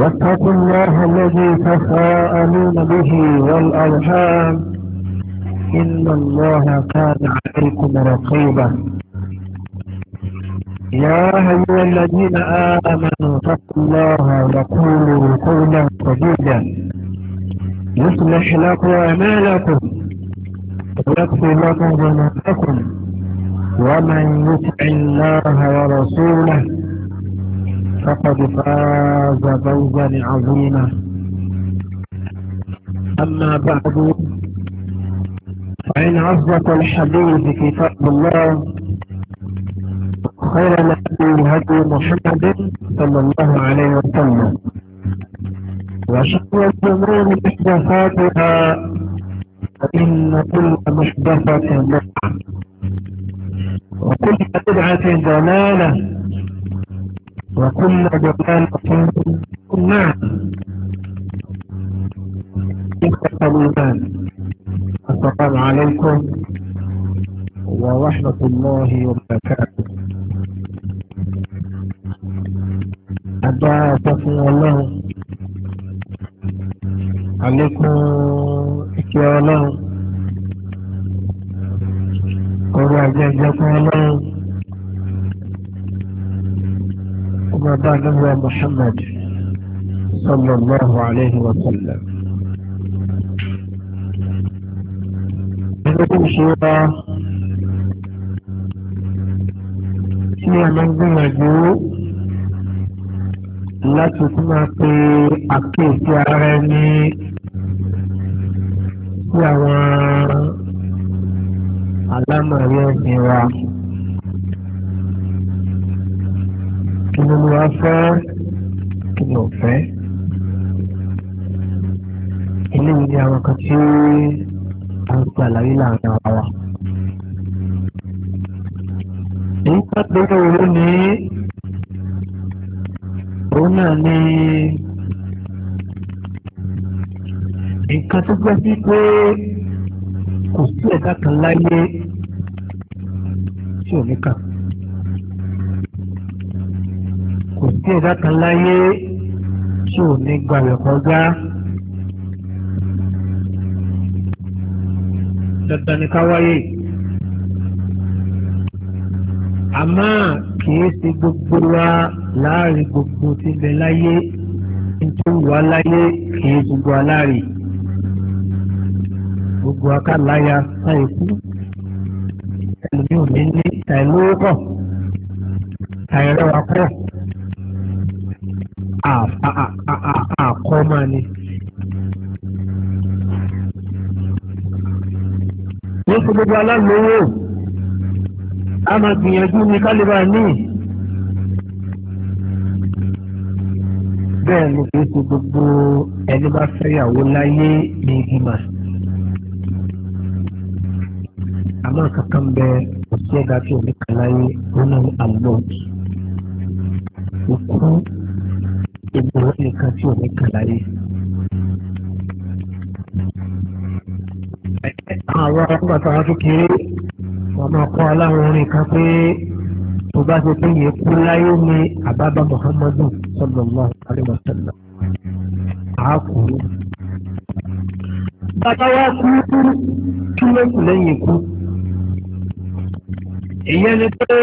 واتقوا الله الذي تساءلون به والأرحام إن الله كان عليكم رقيبا يا أيها الذين آمنوا اتقوا الله وقولوا قولا سديدا يصلح لكم أعمالكم ويكفي لكم ذنوبكم ومن يطع الله ورسوله فقد فاز فوزا عظيما أما بعد فإن عزه الحديث كتاب الله خير الهدي هدي محمد صلى الله عليه وسلم وشر الأمور محدثاتها فإن كل محدثة بدعة وكل بدعة ضلالة وكل جبالة نعم إخوة الإيمان السلام عليكم ورحمة الله وبركاته أدعى تفهم الله عليكم إكيا الله قرأ جزاكم الله وما بعد هو محمد صلى الله عليه وسلم لكم شيئا هي منزل مجيء láti tún máa pe àkéèsí ara ẹni sí àwọn alámọ̀rí wá fẹ́ kí ni ò fẹ́ eléyìí ni àwọn kan tí a ń gbà láyé láàrin ara wa. èyí pàtó ìwúrò ní òun náà ní nǹkan tó gbọ́ sí pé kò sí ẹ̀dá kan láyé. ẹ̀dá kan láyé tí ò ní gbàgbé kọjá. dandan ni ká wáyé àmọ́ kìí ṣe gbogbo wa láàrin gbogbo tí bẹ láyé nítorí wà láyé kìí ṣe gbogbo wa láàrin gbogbo akáláya táyé kú ẹlòmíì ní ní tàìlówó pọ̀ pọ̀ àkọ́ máa ní. wọ́n sọ gbogbo aláàlówó a máa gbìyànjú ní kálíbà ní. bẹ́ẹ̀ ni kì í ṣe gbogbo ẹni bá fẹ́yàwó láyé ní ìgbìmọ̀. àmọ́ kankan bẹ òṣìṣẹ́ gàtí òní kan láyé ó náà àlọ́ òkú gbogbo nǹkan tí òní kà láyé. àwọn nígbà tí wọn kékeré wọn máa kọ́ aláwọn orin kan pé tó bá ṣe pé yẹn kú láyé ní àbábá muhammadu sallallahu alaihi wa sallam àákú. bàbá wa kú kí ló kù lẹ́yìn ikú. ìyẹn ni pé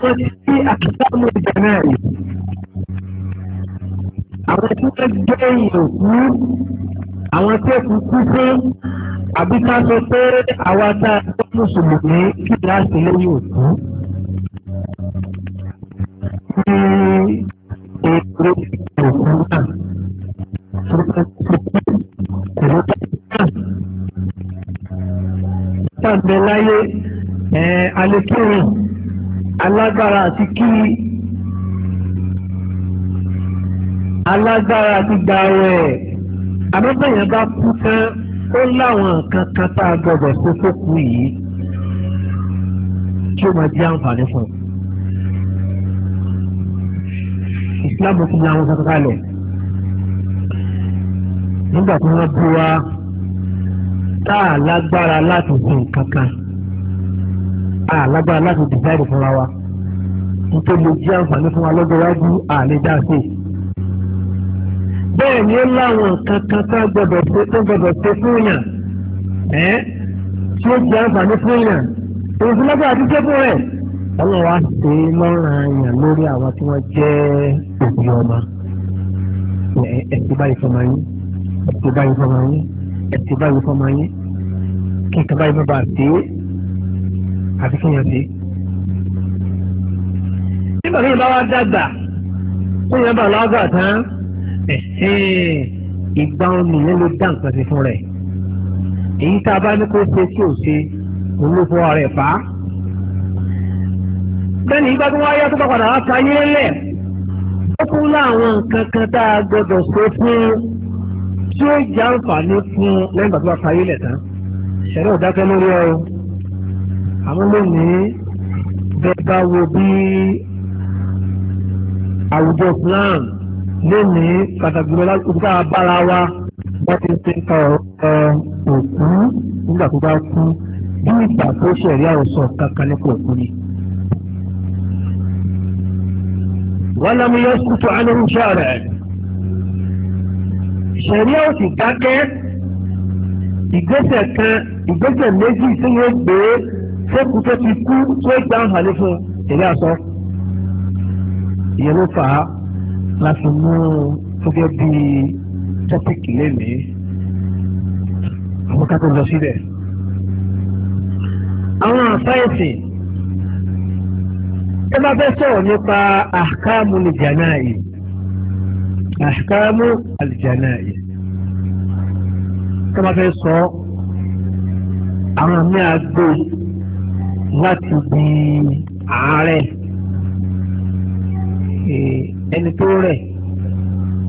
wọ́n ti sí àkíyàmú ìjà náà rí. Àwọn tí wọ́n jẹ́ èèyàn kú, àwọn tí èkú kú fún, àbí ká sọ pé àwa tá a gbọ́ mùsùlùmí kí ni a sì lẹ́yìn òkú. Ní èrò òkú náà, tó bá ti kú, kò ló bá ti kú náà. Tàbí láyé alekere alágbára àti kí alágbára àti gbàwẹ̀ abẹ́bẹ̀yẹn bá kú tán ó láwọn nǹkan kan tá a gbọdọ̀ ṣe tó kú yìí tí ó máa di àǹfààní fún un. ìsìlámù ti ní àwọn kankan kalẹ̀ nígbà tí wọ́n bú wa tá a lágbára láti sin kankan alágbára láti dìsáìdì fúnra wa nítorí lè jẹ́ àǹfààní fún wa lọ́jọ́ iwájú àlejò àṣẹ. bẹ́ẹ̀ ni ó láwọn nǹkan kan tó gbọdọ̀ ṣe tó gbọdọ̀ ṣe fún yàn ẹ́ tí ó jẹ́ àǹfààní fún yàn èyí fún lágbára àti jẹ́ fún rẹ̀ ọlọ́run wá ṣe lọ́ràn yàn lórí àwọn tí wọ́n jẹ́ òbí ọmọ ẹ̀sì báyìí fọmọ yín ẹ̀sì báyìí fọmọ yín ẹ̀sì báyìí fọmọ yín kí nǹkan báyìí má ṣe é àti kí wọ́n ṣe. nígbà tí ìbá wa dàgbà tó yẹn bá lọ́gà tán ìgbà omi yẹn ló dá nǹkan sí fún rẹ̀ èyí tá a bá ní kó ṣe tí ò ṣe òun ló fọ́ rẹ̀ fà á. bẹ́ẹ̀ ni ìgbà tó wáyé tó bá padà wá sáyé lẹ̀ ó kún láwọn nǹkan kan tá a gbọdọ̀ ṣe fún tí ó jẹ́ àǹfààní fún lẹ́yìn tó bá sáyé lẹ̀ tán ṣẹ̀rẹ́ ò dákẹ́ lórí ẹ àwọn lónìí bẹ́ẹ̀ bá wo bí àwùjọ plan lónìí pàtàkì lọ́la òkúta abára wa wọ́n ti ń pín ká òkú nígbà tó bá kú bí ìgbà tó ṣẹ̀rí àwòsàn kankan nípa òkú ni. wọ́n lámú yẹn kútu anúrúṣà rẹ̀ ṣẹ̀rí àwòsàn dákẹ́ ìgbésẹ̀ kan ìgbésẹ̀ méjì tí yóò gbé sékù tó ti kú tó gbà ń hàlẹ́ fún tẹ̀lé àsọ. ìyẹn ló fà á láti mú gẹ́gẹ́ bí tọ́pìkì lẹ́nìí àwọn kákó lọ síbẹ̀. àwọn àfáìsì ẹ bá fẹ́ sọ̀rọ̀ nípa àkàmù nìjànà yìí àkàmù àlìjànà yìí ẹ bá fẹ́ sọ àwọn àmì àgbo láti di àárẹ̀ ẹni tó rẹ̀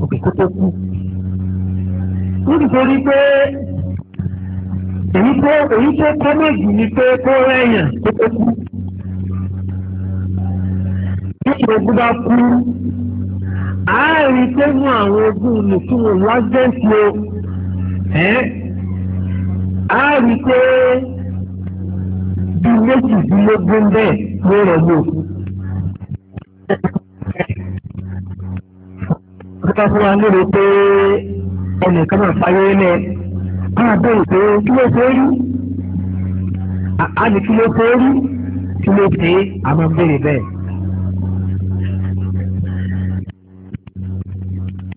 òkè kó tó kú. nítorí pé èyí tó èyí tó kọ́ méjì ni pé kó rẹ̀yàn kó tó kú. bí ogun bá kú àárín pé mú àwọn ogun nìkún òun wá jẹ́ sí o. àárín pé bí méjìdínlógún bẹ́ẹ̀ ló rẹ̀ lò. Kíkọ́ fún wa lérò pé ẹnìkan náà fayé lẹ̀ máa bẹ̀rù pé kí ló ṣe é rí? Àní kí ló ṣe é rí? Kí ló ṣe é? A máa bèrè bẹ́ẹ̀.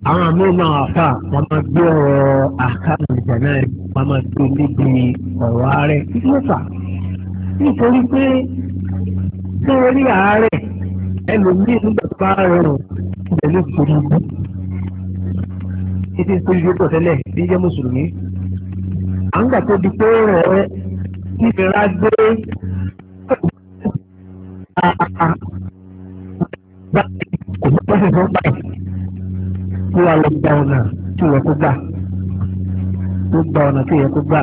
àwọn àmì máa wà fà wọn máa gbé ọ̀rọ̀ àkàrà ìjà náà wọn máa gbé níbi ọ̀rọ̀ ààrẹ kí ló fà á nítorí pé tí wọ́n rí àárẹ̀ ẹlòmíì nígbà tó bá rọrùn ibẹ̀ ló forí ibú títí tó yóò bọ̀ tẹ́lẹ̀ bí jẹ́ mùsùlùmí à ń gbà tó di pé rẹ̀ ẹ́ ìfira gbé kò ní pẹ́ fífọ́ báyìí kí wàá lọ gba ọ̀nà tí ìyẹn kó gbà tó gba ọ̀nà tí ìyẹn kó gbà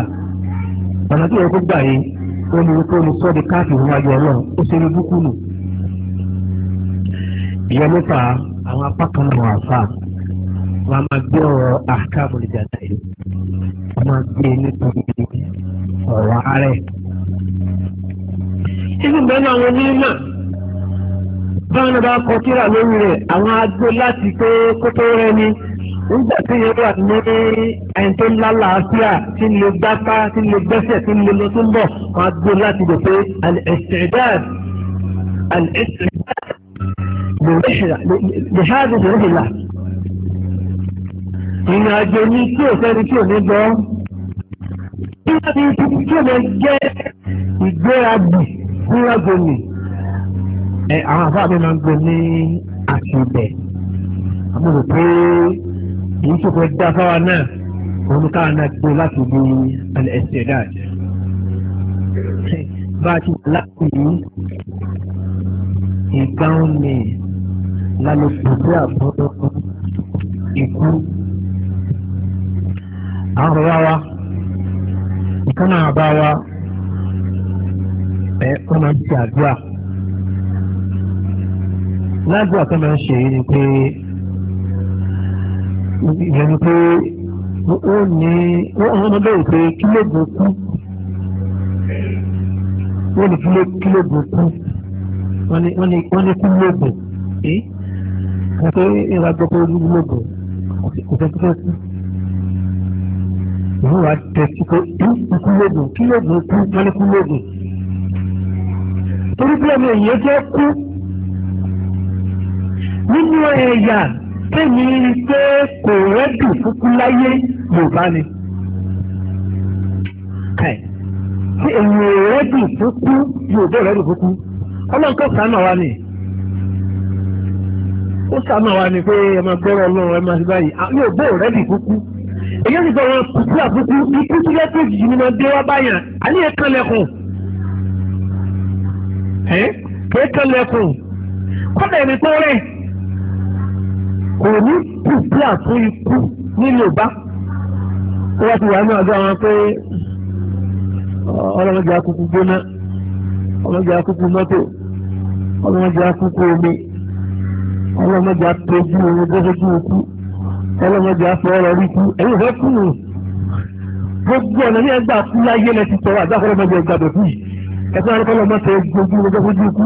ọ̀nà tí ìyẹn kó gbà yìí ó ní wípé olùsọ́ọ̀dì káàkiri níwájú ọlọ́run ó ṣe ní búkú nù. ìyẹn ló fà àwọn apá kan náà wà fà wọn a máa gbé ọ̀rọ̀ àkàbò lè dàda yìí wọn máa gbé nítorí ọ̀rọ̀ ààrẹ. sísè mẹ́rin àwọn onímọ̀ báwọn náà bá kọ síra lórí rẹ̀ àwọn agbó láti pé kótó rẹ ni nígbà tí yẹn wà ní ẹni tó lálàáfíà tí ń lo gbápá tí ń lo gbẹ́sẹ̀ tí ń lo lọ tó ń bọ̀ wọn á gbó láti lò pé al-isti'dad al-isti'dad lèhádì lòrìlà ìrìn àjò ní tí ò tí ò ní gbọ́ tí wọ́n ti ti tí ò lè jẹ́ ìgbéragbì gbéragbò nì àwọn àbá máa ń gbé ní àtìbẹ̀ àmúlò pé èyí tó fẹ́ dá fáwa náà òun ká náà gbé láti bí alẹ́ ẹsẹ̀ dáa bá a ti láti yìí ìgbàhùn ni lálẹ́ pèsè àbọ̀dọ̀ ikú àwọn bàbá wa ìkànnà àbá wa ẹ wọn máa ń ṣe àdúrà ládùúgbò àti wọn máa ń ṣe é ni pé ìyẹn pé ó ní wọ́n mọ bẹ́ẹ̀ pé kílógún kú wọ́n ní kílógún kú wọ́n ní kílógún ẹ́ wọ́n pé ìlà gbọ́ pé kílógún kò fẹ́ kí fẹ́ kú wọ́n wá tẹ̀sí pé kílógún kílógún kú wọ́n ní kílógún torí pé ọmọ èèyàn jẹ́ kú nínú ẹ̀yà kémi rí pé kò rẹ́dùn fúkú láyé yorùbá ni. tí èyí rẹ́dùn fúkú yorùbá rẹ́dùn fúkú ọlọ́run kò sànà wa ni ó sànà wa ni pé ẹ máa gbọ́rọ̀ ọlọ́run ẹ máa ṣe báyìí yorùbá rẹ́dùn fúkú èyí ti sọ̀rọ̀ kùkú àbùkù ikú tí lẹ́tọ̀ jìjì ni máa dé wá báyà àníyàn kan lẹ́kùn ẹ̀ kẹ́kẹ́ lẹ́kùn kọ́dà ẹni tó rẹ̀ kò ní pìpì àfún ikú nílé ọba wọ́n ti wà ní ọjọ́ wọn pé ọlọ́mọdé akúkú gbóná ọlọ́mọdé akúkú mọ́tò ọlọ́mọdé akúkú omi ọlọ́mọdé atọ́jú omi gbẹ́sẹ̀jú ikú ọlọ́mọdé afọ́ọ́rọ́ rí ikú ẹ̀yìn fẹ́ kú nù gbogbo ọ̀nà ní ẹgbàá kú láyé lẹ́ti tọrọ àdáfọ́lọ́mọdé ọgbà bẹ̀kú yìí ẹ̀fọ́n àdékọ́lọ́mọdé gbogbo omi gbẹ́sẹ̀jú ikú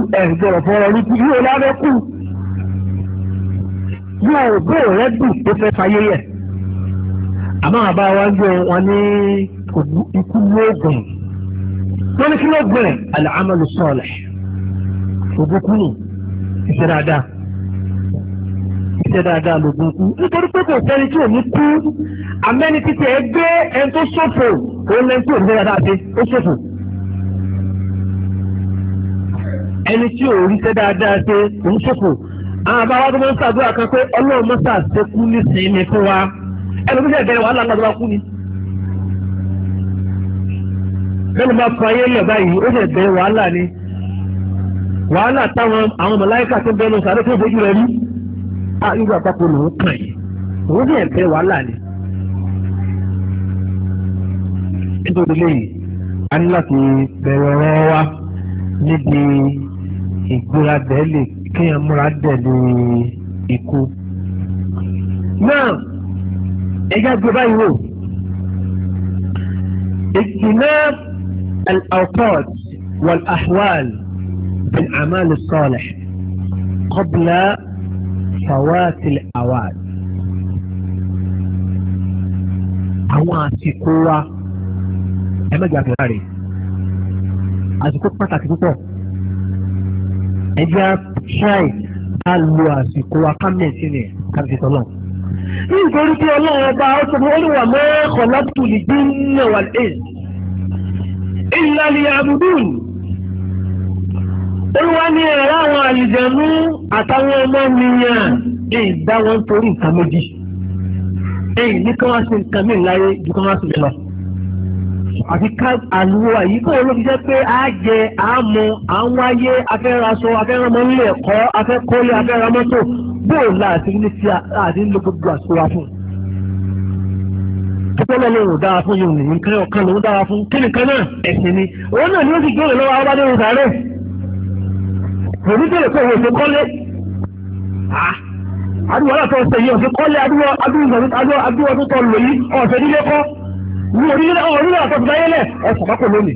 ẹ̀ bí òbó rẹ dùn tó fẹ́ fayé yẹ àmọ́ àbá wa ń gbé wọn ní ikú lóògùn wọ́n ní kí ló gbé al-amalu salih ògùnkú nù ìṣe dáadáa ìṣe dáadáa lògùnkú nítorí pé kò sẹ́ni tí ò kú amẹ́ni títí ẹ gbé ẹni tó ṣòfò òun lẹ́ni tí ò ní dáadáa ṣe ó ṣòfò. ẹni tí ò rí dáadáa ṣe òun ṣòfò. Ah, àwọn bá wá tó ń sàdúrà kan pé ọlọ́run mọ́sà ṣekú ní sinmi fún wa ẹni tó ṣe bẹ̀rẹ̀ wàhálà ńlá tó bá kú ni. bẹ́ẹ̀ni bá fọ ayé lẹ̀ báyìí ó ṣe bẹ̀rẹ̀ wàhálà ni wàhálà táwọn àwọn mọ̀láyíkà tó bẹ́ẹ̀ lọ sàdúrà tó fojú rẹ̀ rí a irú àpapọ̀ lòún kàn yìí òun ṣe bẹ̀rẹ̀ wàhálà ni. nítorí lẹ́yìn a ní láti bẹ̀rẹ̀ ọ̀rọ̀ wa níbi ìgbéra bẹ́ẹ̀ lè k kéèyàn múra dẹ̀lú ikú. náà ẹja gbé báyìí wò اجتناب الأوقات والأحوال بالأعمال الصالح قبل فوات الأوان àwọn àsìkò wa ẹ má jà fún wa rè àsìkò pàtàkì púpọ̀ ẹjẹ́ á try á lo àsìkò wa ká mẹ́sì rẹ̀ ká fi tọ́lọ̀. nítorí pé ọlọ́run ọba ó sọ fún olùwà mẹ́kọ̀ọ́ lápùtù ní bí nínú wà lè. ìlànà àbùdùn olúwa ní ẹ̀rọ àwọn àlìjẹ̀nú àtàwọn ọmọ nìyàn èyí dá wọn torí nǹkan méjì èyí ní kí wọ́n ṣe nǹkan mìíràn láyé ju kí wọ́n ṣe lọ àti ká àlùwò àyíkó ló fi jẹ́ pé á jẹ àmọ́ àwọn ayé afẹ́raṣọ afẹ́ramọ nílé ẹ̀kọ́ afẹ́kọ́lé afẹ́ramọ́tò bóò láti ní ti àti nílò gbogbo àṣọra fún un. tọ́lọ́ lóhùn dára fún yóò nìyí kí ọ̀kan lòún dára fún kí nìkan náà ẹ̀sìn ni òun náà ni ó sì gbèrè lọ́wọ́ àwọn bá dé ìsàlẹ̀ kò ní bèrè pé òun èso kọ́lé àdúgbò aláàtọ̀ ọ̀sẹ̀ yìí ọ̀sẹ̀ kọ́lé adúgbò adúgbò tó lò yìí ọ̀sẹ̀ nílé kọ́ ní orílẹ̀ orílẹ̀ àtọ́fúdáyẹ́lẹ̀ ọ̀sàwákò lónìí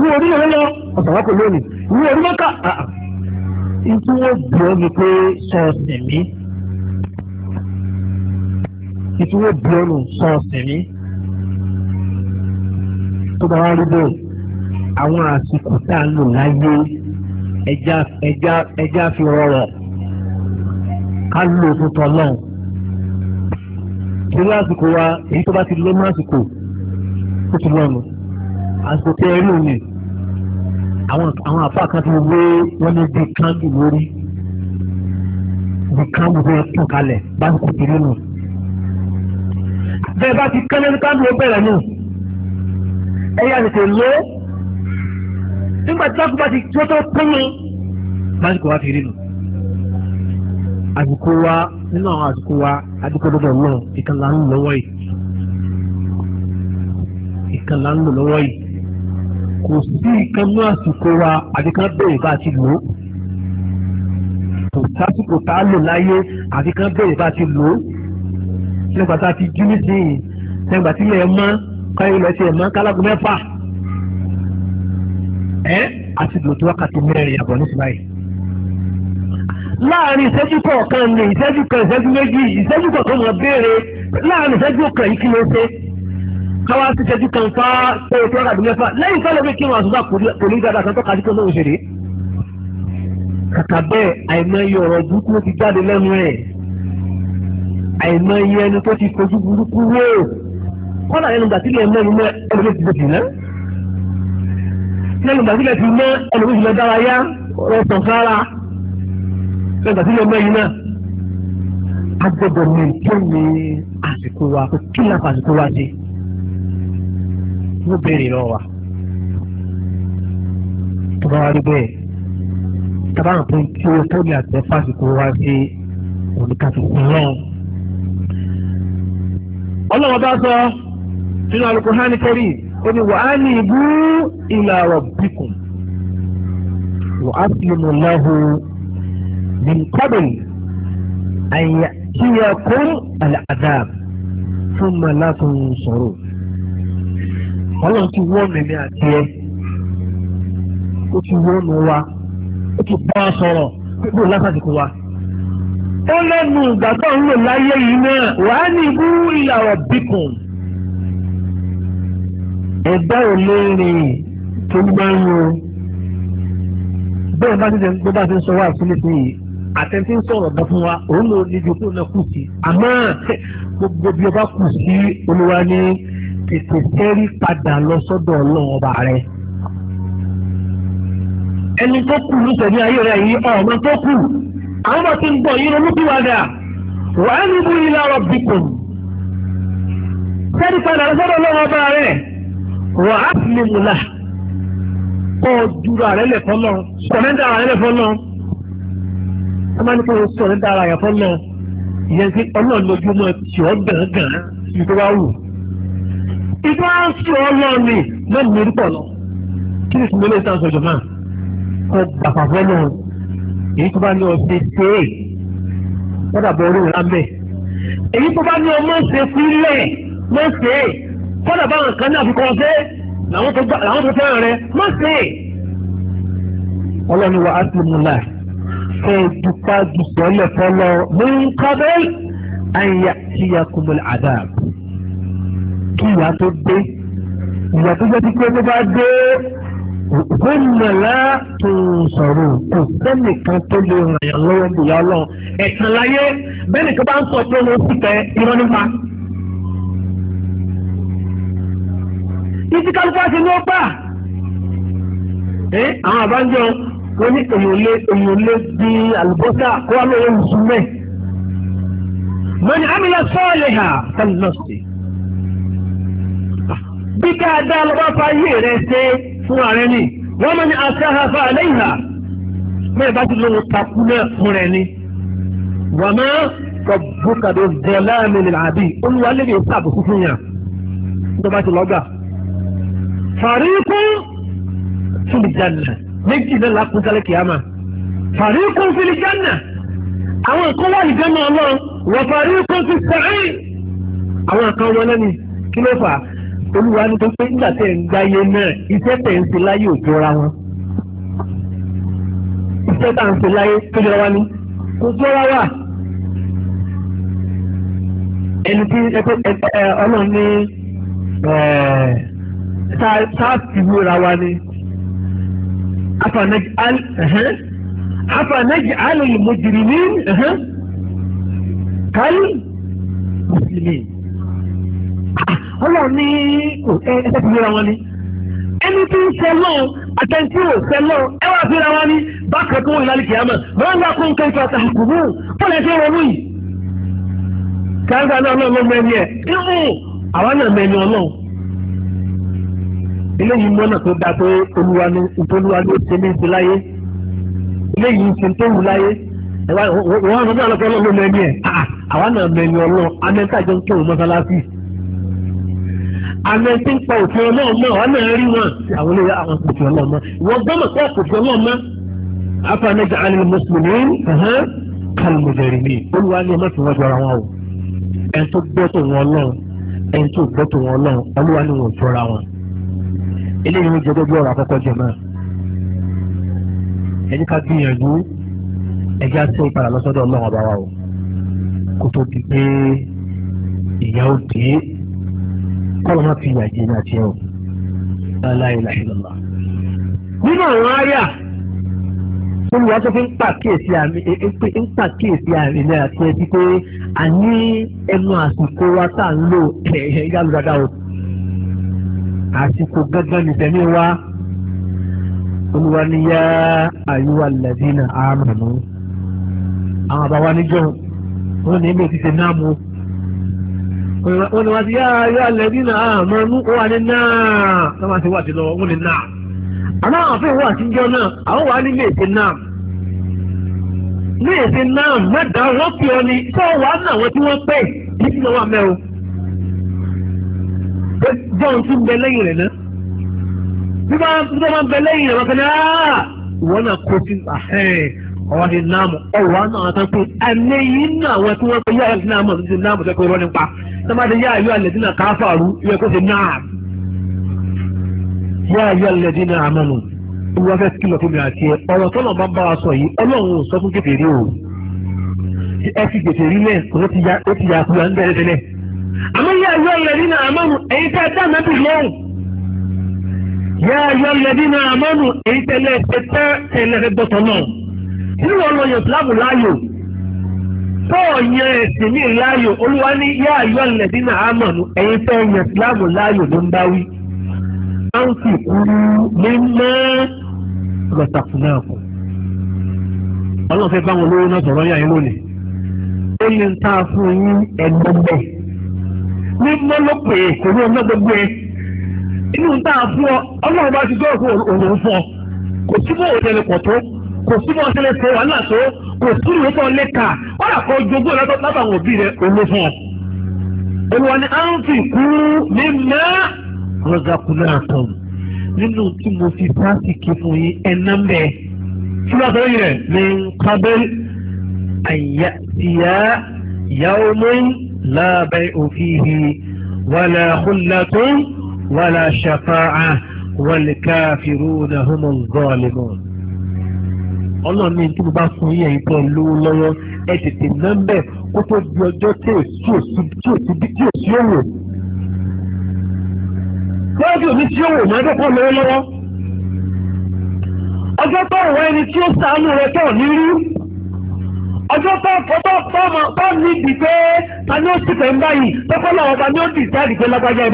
ní orílẹ̀ lọ́lọ́ ọ̀sàwákò lónìí ní orílẹ̀-èdè ìtú wọn bì ọ́ ni pé sọ̀ọ̀sìn mi ìtú wọn bì ọ́ nù sọ̀ọ̀sìn mi tó bá wá rí bẹ́ẹ̀ àwọn àsìkò tá a lò láyé ẹja ẹja ẹja fi rọrọ̀ ká lò fún tọ́lọ́n. Ìdílé àsìkò wa èyí tó bá ti lé mọ́ àsìkò ó ti lọ́nu àsìkò tẹ ẹ rí òní àwọn àwọn àfa kan ti wé wọn ní bí kándù lórí bí kándù bẹ́ẹ̀ tún kalẹ̀ bá ń kú kiri nù. bẹ́ẹ̀ bá ti kẹ́lẹ́ ní kándù ó bẹ̀rẹ̀ nù ẹ yá tètè lé nígbà tí wọ́n ti tó tó pín mi bá ń nù. àsìkò wa nínú àwọn àsìkò wa adúgbò lọ́dọ̀ náà ìkànnì àwọn yìí ìkan là ń lò lọ́wọ́ yìí kò sí ìkan náà àsìkò wa àdìkan bẹ̀rẹ̀ bá ti lò ó kò sásìkò tá a lò láyé àdìkan bẹ̀rẹ̀ bá ti lò ó nígbà tá a ti jí nísìnyí nígbà tí ilẹ̀ mọ́ káyọ̀ ilẹ̀ tiẹ̀ mọ́ kálágùn mẹ́fà ẹ́ àti lò tó wákàtí mẹ́rin àbọ̀ nísìnyí báyìí láàrin ìṣẹ́jú kọ̀ọ̀kan ní ìṣẹ́jú kan ìṣẹ́jú méjì ìṣẹ́jú kọ̀ọ̀kan mọ̀ béèrè láàrin ìṣẹ́jú kan yìí kí ló ṣe káwá sí ṣẹ́jú kan fá pé o tó rà dùn mẹ́fà lẹ́yìn fẹ́ lómi kírun àṣùgbà kò ní dáadáa kan tó kájú pé lóun ṣe rè é. kàkà bẹ́ẹ̀ àìmọye ọ̀rọ̀ burúkú ti jáde lẹ́nu ẹ̀ àìmọye ẹni tó ti fojú burúkú wó kọ́nà ẹnu gbà sílẹ̀ mọ́ ẹnu ẹlòmí ti bẹ̀rẹ̀ ná lẹ́nu gbà sílẹ̀ ti mọ́ ẹlòmí ti lọ dára yá ọ̀rọ̀ sọ̀kára lẹ́nu gbà sílẹ̀ mọ́ ẹ̀yìn náà agbọ́dọ̀ mi tó ní àsìkò wa kó kí lápá àsìkò wa ṣe yóò béèrè lọ wa tó bá wá rí bẹ́ẹ̀ tábàrùn pé tí o tó lè àtẹ fásitì wá sí oníkàtúntì náà. ọlọ́wọ́ bá sọ sínú Al-Qur'ani kẹ́rì ó ní wa anibu ila rabbikum wa aslimu lahu min qabl an ya'tiyakum al-adhab thumma la tunsarun ọlọ́run ti wọ́n mẹ́mí àti ẹ ó ti wọ́n mọ́ wa ó ti bá a sọ̀rọ̀ gbogbo lásàkókò wa. ó lẹ́nu ìgbàgbọ́ ń lò láyé yìí náà wà á ní ibú ìlà ọ̀bìkùn. ẹ̀dá ò lè rìn tó ń gbá yín o. bẹ́ẹ̀ bá ti sẹ́ bó bá ti ń sọ wá sílé sí yìí àtẹ̀tí ń sọ̀rọ̀ bá fún wa òun ló ní ju kó náà kù sí. àmọ́ gbogbo bí o bá kù sí olúwa ní tètè tẹ́rí padà lọ sọ́dọ̀ ọlọ́run ọba rẹ. ẹni tó kù nítorí ayé rẹ yìí ọmọ tó kù àwọn ọmọ tó ń bọ̀ yìí lọ́mú kí wàá dà wàá níbu ilé ọ̀rọ̀ bìkùn. tẹ́rí padà lọ sọ́dọ̀ ọlọ́run rẹ wàá lè kọ́ dúró àrẹ lẹ̀ fọ́lọ́ sọ̀rẹ́dà àrẹ lẹ̀ fọ́lọ́ ẹ máa ní kó sọ̀rẹ́dà àrẹ fọ́lọ́ ìyẹn ti ọlọ́run lójúmọ́ ti ọ̀ ìgbà sí ọlọ́ọ̀ni lónìí mi rí pọ̀ lọ kí ni ìsinmi olóòtú àṣọ ìjọba kọ gbàgbà fọlọ èyí tó bá ní ọsẹ ṣe é wọ́n dàbọ̀ orí ìlà mẹ́ èyí tó bá ní ọmọ ṣe sílẹ̀ mọ́ ṣe é kọ́dà báwọn kan ní àfikún ọ̀sẹ̀ làwọn tó fẹ́ràn rẹ mọ́ ṣe é ọlọ́ni wa á ti mú láì fẹ́ dupá dupọ̀ lẹ́fọ́ mú kábẹ́ àyà tí yakubul adab kí ìyá tó dé ìyá tó jẹ́ pípé tó bá dé gómìnà tó sọ̀rọ̀ kò sẹ́nìkan tó lè ràn yàn lọ́wọ́ ìyá ọlọ́run ẹ̀sìn láyé bẹ́ẹ̀ nìkan bá ń sọ pé wọ́n sì tẹ irọ́ nípa. títí kálukú àti ní ó gbà àwọn àbájọ wọn ní èyí ò lè di àlùbọ́sà kó wà lóye ìsúnmẹ́. mọ́ni amílẹ̀ sọ́ọ̀lì hà tẹ́lẹ̀ náà sí i bí dáadáa lọ bá fa ayé rẹ ṣe fún ààrẹ ni wọ́n mọ̀ ní aṣááfà lẹ́yìn náà mẹ́rin bá ti lóun takú náà fún rẹ ni wọ́n mọ̀ rọ̀bùkà ló jẹ láàmì ní àbí olúwalé ní sáàbù fúnfún yàn ló bá ti lọ́gà. fàríkún fìlìjànà méjì náà lápò sálẹ̀ kìámà fàríkún fìlìjànà àwọn kan wà nìjànà ọlọ́run wọ́n fàríkún fi àwọn kan wọlé ni kí ló fà á olúwa ní tó pé nígbà tẹ̀ ń gbáyé náà iṣẹ́ tẹ̀ ń ṣe láyé ò jọra wọn iṣẹ́ tà ń ṣe láyé tó jọra wa ni kò jọra wà ẹni tí ọlọ́run ní sáàtìwúra wa ni afanẹ́jì alẹ́lẹ́ mojìrì ní kálí mùsùlùmí ọlọ́run ní ẹsẹ̀ ti gbéra wọn ni ẹni tí ń sẹ lọ́ọ̀ àtẹ̀ntì ò sẹ lọ́ọ̀ ẹ wá fi ra wọn ni bákan tó wọlé lálẹ́ kìámà wọn wá kó nǹkan ìfẹ́ àtàkùnmù kó lè ṣe ronú yìí. kàńtà náà ọlọ́run mẹ́ni ẹ̀ ihò àwa náà mẹ́ni ọlọ́run. eléyìí mọ́nà tó dáa pé olúwa ní ìtòlúwa ló ṣe ní ìṣe láyé eléyìí ṣe tó wù láyé wọ́n á sọ fún ọlọ́run mẹ́ni ẹ̀ àwa náà mẹ́ni ọlọ́run amẹ́ntàjọ́ ń kí òun mọ́sálásí àmì ẹni tí ń pa òfin ọlọ́run náà wọn náà rí wọn àwọn olóyè àwọn òfin ọlọ́run mọ́ wọ́n gbọ́mọ̀ pé òfin ọlọ́run mọ́ afanajà alẹ́ mùsùlùmí kàlùmùjẹ̀rì mi olúwa ni ọmọ tí wọ́n jọra wọn o ẹni tó gbọ́ tó wọn lọ́run ẹni tó gbọ́ tó wọn lọ́run olúwa ni wọ́n jọra wọn eléyìí ló jẹ́ gbogbo ọ̀rọ̀ àkọ́kọ́ jẹ náà ẹni ká gbìyànjú ẹjẹ́ àti ìpadà lọ́sọ́dọ̀ ọlọ́run ọba wa o kó tó di pé ìyá òde kọ́lọ́ má fi ìyà jẹ ní àti ẹ̀ o aláìláìlọ́lá. nínú àwọn àyà olùwà tó fi ń pàkíyèsí àmì ń pàkíyèsí àmì ní àti ẹbí pé a ní ẹnu àsìkò wa tá à ń lò yálù dáadáa o àsìkò gángan nìtẹ̀mí wa olùwà ni yá àyùwà lẹ́dínà àmàlú àwọn àbáwá níjọ́ wọn ní ilé ti náà mú wọ́n ni wọ́n ti yá yá lẹ́bí náà mọ́ inú kó wà ní náà tó máa ti wà sí lọ wọ́n ni náà àmọ́ àwọn fún ìwọ́ àtijọ́ náà àwọn wà ní ilé ìṣe náà ilé ìṣe náà mẹ́ta wọ́n pè ọ ni tó wà ní àwọn tí wọ́n pè kí sí lọ́wọ́ mẹ́ o jọ̀hún tún bẹ lẹ́yìn rẹ̀ náà bí wọ́n bá ń bẹ lẹ́yìn rẹ̀ wọ́n fẹ́ náà ìwọ́n náà kó sí ọwọ́ ni náà mọ̀ ọwọ́ náà tán pé àmì yìí náà wọ́n tí wọ́n pè yára sí náà mọ̀ tọ́mọdé yá ayọ́ alẹ́dínà káfàrú yẹ kó ṣe náà yá ayọ́ alẹ́dínà àmọ́nù wọ́n fẹ́ kìlọ̀ fún mi àti ẹ ọ̀rọ̀ tọ́nà bá bá wa sọ yìí ọlọ́run ò sọ fún kèfèrí o ẹ fi kèfèrí lẹ̀ ó ti ya ó ti ya kúra ń bẹ̀rẹ̀ tẹ́lẹ̀ àmọ́ yá ayọ́ alẹ́dínà àmọ́nù èyí tẹ́ dá nàbì lọ́hùn yá ayọ́ alẹ́dínà àmọ́nù èyí tẹ́lẹ̀ tẹ́ tẹ́lẹ̀ gbọ́tọ̀ náà nínú ọlọ́yọ̀ bọ́ọ̀ yan ẹ̀sìn ní láàyò olúwa ní yá àyọ̀ lẹ́dínà àmọ̀nù ẹ̀yin fẹ́ yan ìsìláàmù láàyò ló ń bá wí. a ń fi kúrú ní mọ́ gbọ̀tàkùn náà kù. ọlọ́run fẹ́ bá wọn náà sọ̀rọ̀ yà yín lónìí. ó lè ta fún yín ní mọ́ ló pè é kò sí bọ́ọ̀ sílẹ̀ tó wàhálà tó kò sí ìwé tó lé kà kọ́dà kó jogún ẹ̀ látàwọn òbí rẹ̀ olú fún ọ. olùwà ni à ń fi kú ní mẹ́ rọ́gàkúnlá kan nínú tí mo fi pásìkì fún yín ẹ̀ mẹ́ tí wọ́n sọ ní kábẹ́ àyà yàwó mẹ́rin lábẹ́ òfin wàlà kúlàtún wàlà ṣàfàà wàlìkàfìrún náà hùmọ̀ zọ́ọ̀lìmọ̀ ọlọ́run ní tí mo bá fún yín ẹ̀yin tó lówó lọ́wọ́ ẹ tètè ná ń kó tó di ọjọ́ tí ò sí òsì tí ò sí bí tí ò sí òwò. wọ́n ti tí òwò máa dọ́kọ̀ lówó lọ́wọ́. ọjọ́ tó wọ ẹni tí ó sàánú rẹ tó ní rí. ọjọ́ tó fọ́tọ́ fọ́mọ tó ní ibi ta ni ó ti fẹ́ ń báyìí tọ́kọ́ lọ́wọ́ ta ni ó ti ìtàdí pé lágbájá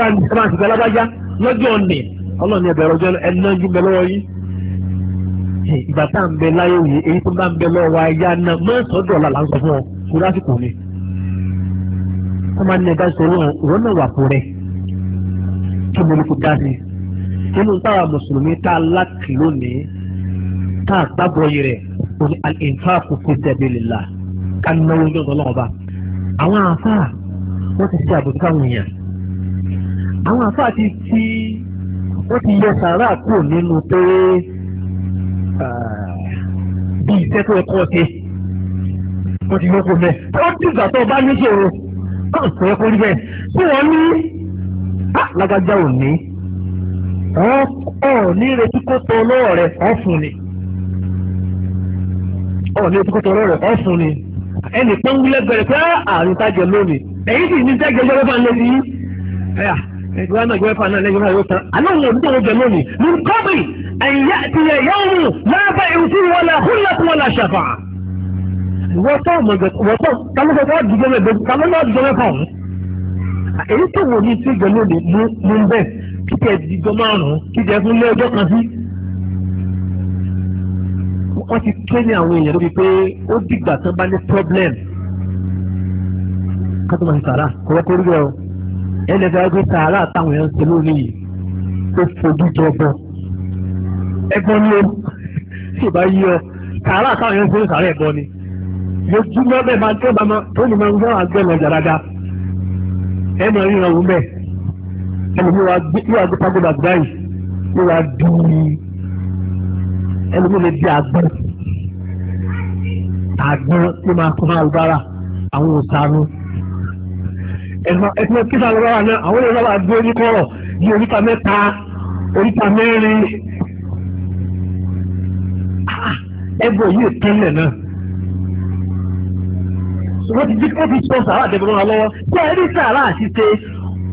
ẹ méjì ìgbà tá à ń bẹ láyé òye èyí tó bá ń bẹ lọ́wọ́ ayá náà mọ́sàn-án dọ̀là là ń sọ fún ọ kó lásìkò ni. wọ́n máa ń ní ẹ̀dá ìṣòro ìwọ́n náà wà fún rẹ̀ kí mo ní kó dá sí i. nínú táwa mùsùlùmí tá a lákì lónìí tá a gbàgbọ́ yìí rẹ̀ kò ní al-infaqu fi sabilillah ká náwó ní lọ́wọ́ bá. àwọn àáfàá wọ́n ti ṣe àbùkù káwọn èèyàn. àwọn àáfàá ti ti wọ́n ti yọ sàrà kúrò nínú pé bí iṣẹ́ tó kọ́ ṣe ó ti yọ kó bẹ́ẹ̀ ó ti gbà tó bá ní ṣòro kọ́ ṣe é kó rí bẹ́ẹ̀ tí wọ́n ní lágbájá ò ní ọ̀ ní retí kó tó olówó rẹ̀ ọ̀ fún ni ọ̀ ní retí kó tó olówó rẹ̀ ọ̀ fún ni ẹnì pé ń wúlẹ̀ bẹ̀rẹ̀ pé àrùn tájọ lónìí èyí sì ní tẹ́gẹ̀ ẹjọ́ mẹ́fà lé ní ẹ̀yà ẹgbẹ́ náà ẹgbẹ́ náà lẹ́yìn náà yóò tán àná an ya'tiya yawmun la bay'un ولا wala ولا wala shafa'a. wọ́tọ̀ wọ́tọ̀ kálọ́fọ́ dìjọ́ mẹ́fà ọ̀hún. كم؟ tó wò ní tí gbẹ̀lú ni mú ń bẹ̀ kíkẹ́ dìjọ́ márùn-ún kíkẹ́ fún lé ọjọ́ kan sí. wọ́n ti ké ní àwọn èèyàn lórí pé ó dìgbà tán bá ní problem. kátó máa ń sàrà kọ́wọ́ kórìíra ẹ̀ ẹ̀ lẹ́gbẹ̀ẹ́ sàrà táwọn èèyàn ń ṣe lónìí ó fojú jọ bọ́ ẹ̀gbọ́n ni o tí ò bá yí ọ tààrà táwọn yẹn ń fún sàárẹ̀ ẹ̀gbọ́n ni lójúmọ́ bẹ́ẹ̀ máa tẹ́ bàmọ́ tó ní máa ń gbọ́n àgbẹ̀lọ jàdáda ẹ mọ̀ rí ìrànwọ́ bẹ́ẹ̀ ẹlòmíì wa gbé wà gbé pagoda gbáyì ló wà di ẹlòmíì lè di àgbọn àgbọn ló máa kọ́ máa lùbára àwọn òsàánú ẹ̀fọ́ kíkà lọ́wọ́ náà àwọn èèyàn lọ́wọ́ àgbé oníkọ̀rọ̀ ní oríta mẹ́ta oríta mẹ́rin. ẹgbẹ́ yìí tẹ́lẹ̀ náà wọ́n ti dín kófí sọ sàrà àdébọ̀rọ̀ wọn lọ́wọ́ tí a rí sàrà àṣìṣe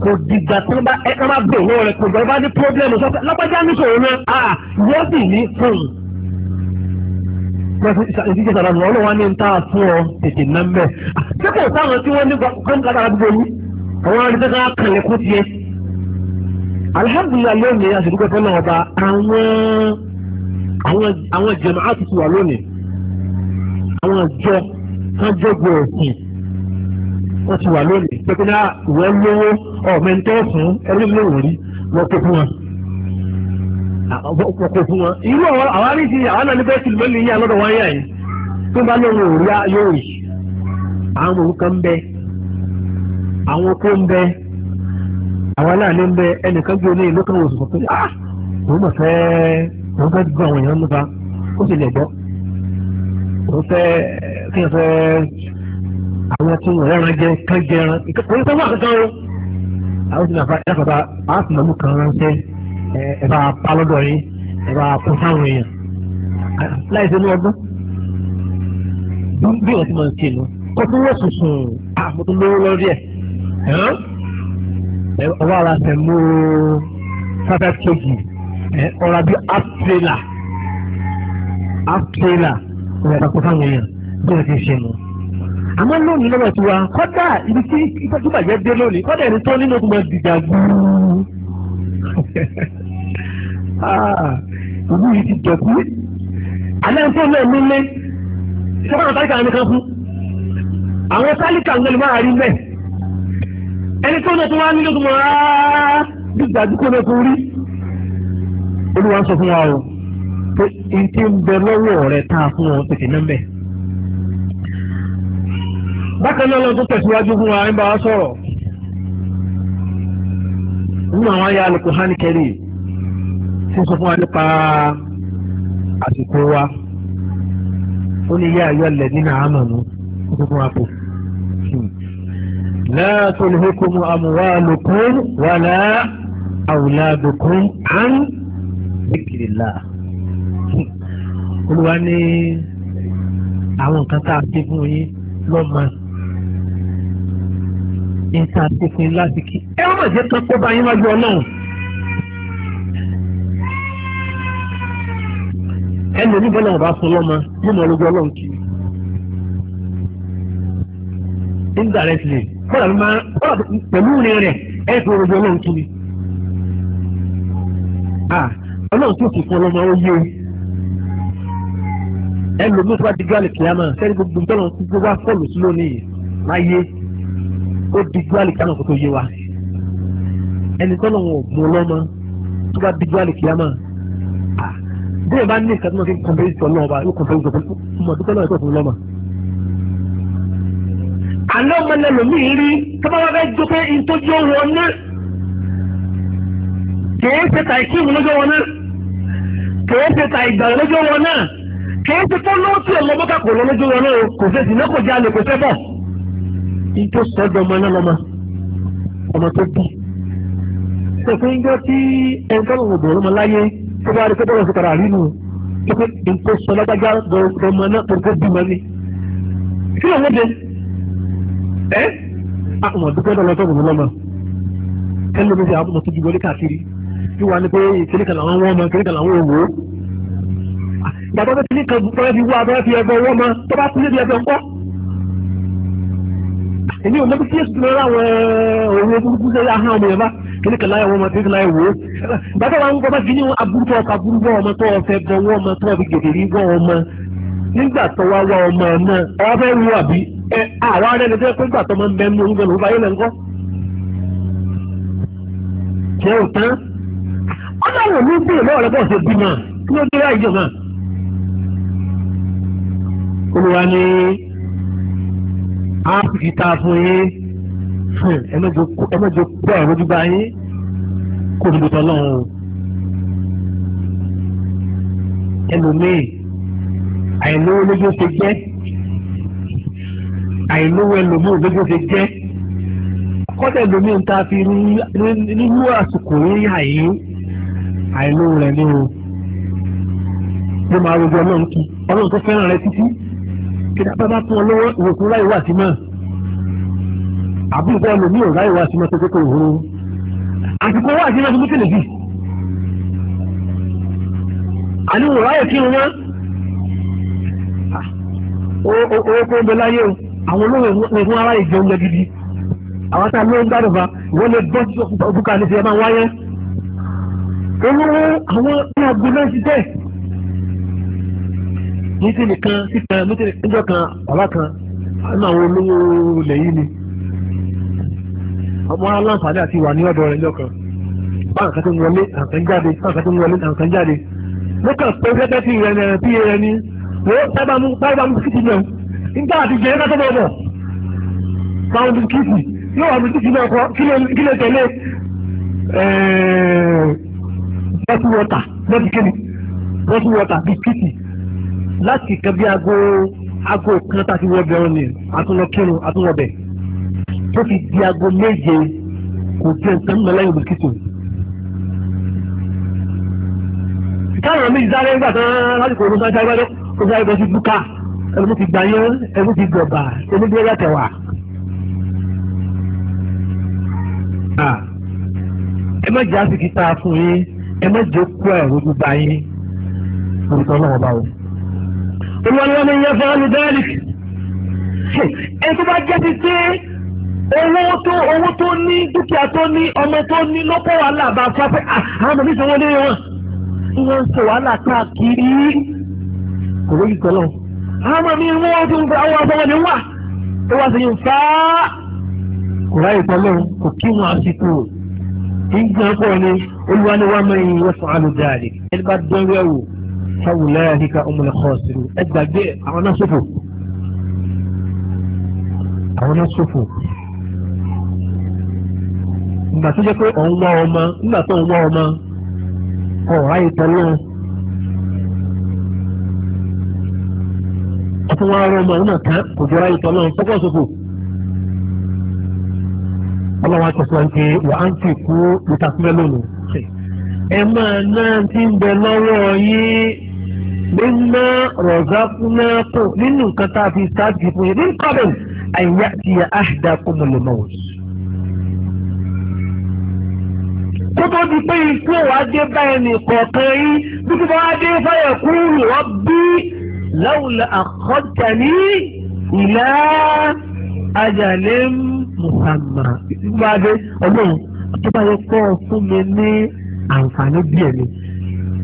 kò dìgbà tí wọ́n bá ẹ kábà bẹ̀ wọ́n rẹ̀ kò gbọ́dọ̀ bá ní pọ́blẹ́mù sọ pé lọ́pàájá ní sòrò náà à wọ́n sì ní fún un. ìdíje sàrà ni ọlọ́wọ́ ní ta fún ọ tètè ná mẹ́. ṣé kò sáwọn tí wọ́n ní gómìnà lára gbogbo yìí àwọn arìnrìn kan kàlẹ̀ kó tiẹ̀. alihamdulilayi lónìí àṣìdúgbò fẹ́ náà ọba àwọn àwọn jẹ̀mọ́ àti ti wà lónìí àwọn ìjọ kan jẹ́gbọ́ ẹ̀sìn ti wà lónìí pé kíná ìwọ lówó ọ̀mẹ́ntẹ́ fún ẹlẹ́mìlẹ́wò rí wọ́n kó fún wọn. wọ́n kó fún wọn. irú àwọn àwọn náà ní bẹ́ẹ̀ tìlú mẹ́lì alọ́dọ̀ wáyà yìí tó bá lóun yóò rí. àwọn ń bẹ àwọn ń wọ́n fẹ́ gbọ́ àwọn èèyàn nípa ó sì lè gbọ́ wọ́n fẹ́ kí wọ́n fẹ́ àwọn tí wọ́n rẹ́ran jẹ kán jẹ ẹran ìkọ́ni tó wà kankan o àwọn tí wọ́n fà ẹ̀ fọ́ba àásùnmọ́mù kan ránṣẹ́ ẹ̀ bá pa lọ́dọ̀ yín ẹ̀ bá kó sáwọn èèyàn láì sẹ́nu ọdún bí wọ́n ti máa ń ṣe nu kó tó wọ́n sùn sùn àmọ́tò lówó lọ́rí ẹ̀ ọwọ́ ara sẹ̀ mú fáfẹ́ kéjì ọ̀rọ̀ bíi aptrela aptrela ọ̀rọ̀ ìdàpọ̀ fáwọn èèyàn bí wọ́n ti ṣe mọ́. àmọ́ lónìí lọ́wọ́ ti wá kọ́dà ibi tí ìfọ́júbàjẹ́ dé lónìí kọ́dà ẹni tó nínú ogun máa dìjà gbúrú. Ah, ìlú yìí ti dọ̀kú alẹ́ ń tó náà nílé sọ́kàtà táyìkà nìkan fún àwọn táyìkà ń gbẹ̀lú máa rí bẹ́ẹ̀ ẹni tó náà tó wá nílé ogun máa dìjà gbúrú náà tó rí olúwa sọ fún wa o pé n ń bẹ lọ́wọ́ rẹ tá a fún ọ tètè náà bẹ̀. bákan náà lọ́dún tẹ̀síwájú fún wa ń bá wa sọ̀rọ̀ nínú àwọn ayé Al-Qur'ani tí ń sọ fún wa nípa àsìkò wa ó ní yá ayọ́ lẹ̀ nínú àmàlú ó tó fún wa kù. لا تلهكم أموالكم ولا أولادكم عن zikrillah olúwa ní àwọn nǹkan tá a ṣe fún yín lọ́mọ ní tá a ṣe fún yín láti kí ẹ wọ́n mọ̀ jẹ́ kan kó bá yín wájú ọlọ́run. ẹni oníbọ̀lẹ̀ ọ̀bá fún lọ́mọ yóò mọ lójú ọlọ́run kì í. indirectly bọ́dà máa pẹ̀lú ìrìn rẹ̀ ẹ̀ fún lójú ọlọ́run kì í ọlọ́run tó kù fún ọlọ́mọ ó yé o ẹlòmíín tó bá dijú àlè kìámà sẹ́ni gbogbo tọ́lọ̀ ń gbogbo wá fọ́ọ̀lù sí lónìí máa yé ó dijú àlè kìámà kó tó yé wa ẹni tọ́lọ̀ ń mú ọlọ́mọ tó bá dijú àlè kìámà bí ẹ bá ní ìkàtí náà fi kọ̀m̀pẹ́rì sọ náà ọba yóò kọ̀m̀pẹ́rì sọ fún ọmọ dúpẹ́ náà ìtọ́fún lọ́mọ. àná ọmọ ẹlòmíín rí tọ́ba wá fẹ́ jó pé ìtọ́jú wọn náà kì í ṣe tàìkì ìmúlójó wọn náà kèé ṣe ta ìgbà lójó wọn náà kèé ṣe tó lọ́wọ́ tí ọmọ bọ́kà kò lọ lójó wọn náà kò fèsì náà kò jẹ́ alẹ́ kò sẹ́bọ̀. ìjọ sọ́dọ̀ ọmọ náà lọ́mọ ọmọ tó bí. ṣèpín ìjọ tí ẹnìkan òun bò lọ́mọ láyé tó bá rí pé bọ́lá sọ̀tàrà rí nu pé nǹkan sọ lágbájá ọmọ náà tó tó bí mọ́ni. kí ló ń wọ́n de? ẹ́ àwọn ọ̀dùnkẹ́ lọ́lọ́tọ̀ tí wọ́n ní pé ìkíní kan làwọn wọ́n mọ ìkíní kan làwọn òwò. bàbá tó ti ní kan tó fi wá tó fi ẹgbẹ́ wọ́n mọ tó bá kú lébi ẹgbẹ́ ńkọ́. èmi ò lọ́bi tí èsì tó láwọn òwò burúkú sẹ́yà hàn ọmọ yẹn bá kíní kan láyà wọ́n mọ kíní kan láyà wò ó. bàbá wọn kọ́ bá fi ní aburúkọ ọkọ aburúkọ ọmọ tó ọfẹ́ bọ wọ́n mọ tó ọfi gèdèrí wọ́n ọmọ nígbà tó wá wá ọmọ náà ọwọ́ fẹ́ wú àbí ẹ àwọn arẹ́ni tẹ́ pé gbà tó máa ń bẹ́ẹ̀ mú oúnjẹ lòún báyé lẹ́ńkọ́. jẹ́ òtán ọlọ́run ní bèrè lọ́wọ́ rẹ bọ̀ ṣe bí náà kí ló dé láì jọ náà. olùwà ni a fi ta fún yín ẹlẹ́jọ pé ọ̀rọ̀ ojú bá yín kò ní bùtọ̀ lọ́hùn. ẹlòmíì àìlówó lójú ṣe jẹ́ àìlówó ẹlòmíì lójú ṣe jẹ́ kọ́dẹ̀ lómi ń ta fi nínú àsìkò yín àyín àìlú rẹ̀ ní o ló máa rojọ́ ọlọ́run kí ọlọ́run tó fẹ́ràn rẹ títí kí ni abábá fún ọ lọ́wọ́ ìwòkun láì wà sí mọ́ àbúrò bọ́ọ̀lù mi ò láì wà sí mọ́ tó kókó òhun àsìkò wà sí mọ́ tó kókó lèbi àní wò láyè kírun mọ́ owó kó ń bẹ láyé o àwọn olóòwò ní fún ara ìjẹun lẹ gidi àwọn tá a ló ń gbádùn fa ìwọ́n lè gbọ́ sí ọkùnkà ní ti ẹ máa wáyé. olówó àwọn aláàgbé náà ti bẹ́ẹ̀ mítìlì kan síta mítìlì kan ọ̀la kan nínú àwọn olówó ilẹ̀ ni ọmọ aláǹfààní àti ìwà ní ọ̀dọ̀ rẹ̀ ẹjọ́ kan báwọn kan tó ń wọlé àǹkan jáde pa ni náà nígbà àti tó bọ̀ bọ̀ yóò bottle water lẹ́bi kéde bottle water bisikíìtì láti kan bí aago aago kan tá a ti wọ ọbẹ̀ wọn ni àtúnlọ kírun àtúnlọ bẹ̀ tó fi di aago méje kò jẹ́ nǹkan mọ́ lẹ́yìn bisikíìtì. káwọn méjì sáré nígbà tán lásìkò ọdún sáájú agbádọ́ ó sáré bọ́ sí búkà ẹnu ti gbàyán ẹnu ti gbọ̀bà ẹnu ti rẹ̀ tẹ̀wà. ẹ má jẹ́ àsìkí tá a fún yín. ẹ má jẹ́ kó ẹ̀rọ gbígba yín orúkọ ọlọ́wọ́ báwo. olùwàlúwà ni yẹn fún alùdáàlì ẹ tó bá jẹ́ ti pé owó tó owó tó ní dúkìá tó ní ọmọ tó ní lọ́pọ̀ wàhálà bá a ah, àwọn ọmọ mi sọ wọlé wọn. wọ́n ń sọ wàhálà káàkiri kò àwọn ọmọ nǹkan pọ̀ ni olúwa ni wàá máa yin wọ́n fún alùdáàlì ẹni bá dánwó ẹ̀ wò fáwùlá àríkà ọmọlẹ̀ kọ́ọ̀sìrò ẹ gbàgbé àwọn náà ṣòfò àwọn náà ṣòfò ìgbà tó jẹ́ pé òun wá ọmọ nígbà tó ń wá ọmọ ọ̀rá ìtọ́lọ́ ọtún wá ọmọ náà tán kò jọra ìtọ́lọ́ fọ́kọ̀ ṣòfò ọlọ́wọ́ aṣọ fún ẹ wà á ń fi kú ìtàkùnlẹ̀ lónìí. ẹ máa náà ti ń bẹ lọ́wọ́ yín mímọ́ rọ̀zákúnáàtò nínú nǹkan tá a fi ṣáàjì fún yín ní kọ́bìn àyà ti yà áṣìdá kó mo lè mọ̀ wọ́n. kó tó di pé ikú wa dé báyìí nìkọ̀ọ̀kan yín títí bá wá dé fáyà kúrú wọ́n bí láwùlẹ̀ àkọ́jà ní ìlà àjàlẹ́ mú mùsàmà ìgbàdé ọlọ́run tó bá yẹ kọ́ ọ fún mi ní àǹfààní díẹ̀ ni.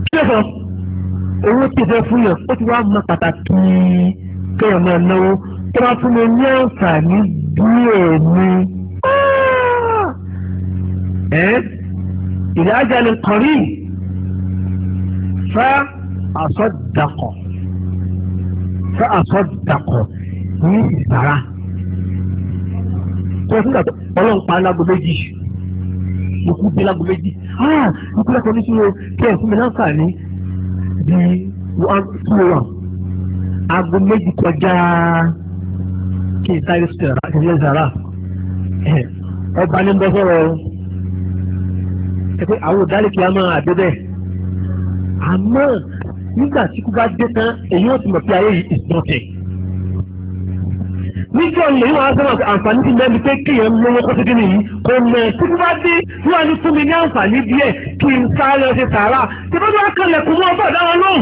kí ló sọ owó tí ìfẹ́ fún yẹn ó ti wá mọ pàtàkì kéèyàn máa náwó tó bá fún mi ní àǹfààní díẹ̀ ni. ìdájà ni kọrí fa àsọdàkọ fa àsọdàkọ ní ìsàrà kó fún gàtọ Ọlọ́run pa lágo méjì ikú dé lágo méjì ah ikú lẹkọ ní sùúrù kí ẹ fún mi láǹfààní di two one aago méjì kọjá kí n sáré sọ̀rọ̀ kí n lè sàrà ọba ní bọ́ sọ̀rọ̀ ẹ pé àwọn òdálẹ̀kì á máa àdé bẹ́ẹ̀ àmọ́ nígbà tí kú bá dé tán èyí ó ti mọ̀ pé ayé yìí is nothing níjọ́ ilẹ̀ yìí wọ́n á sọ́nà àǹfààní ti lẹ́nu pé kéèyàn lówó kó ti dín nìyí kò mọ̀ tí mo bá dé wọ́n á ní fún mi ní àǹfààní díẹ̀ kí n sáré ọṣẹ sàárà tí mo bá kalẹ̀ kó mọ́ ọba ìdáwọn lóhùn.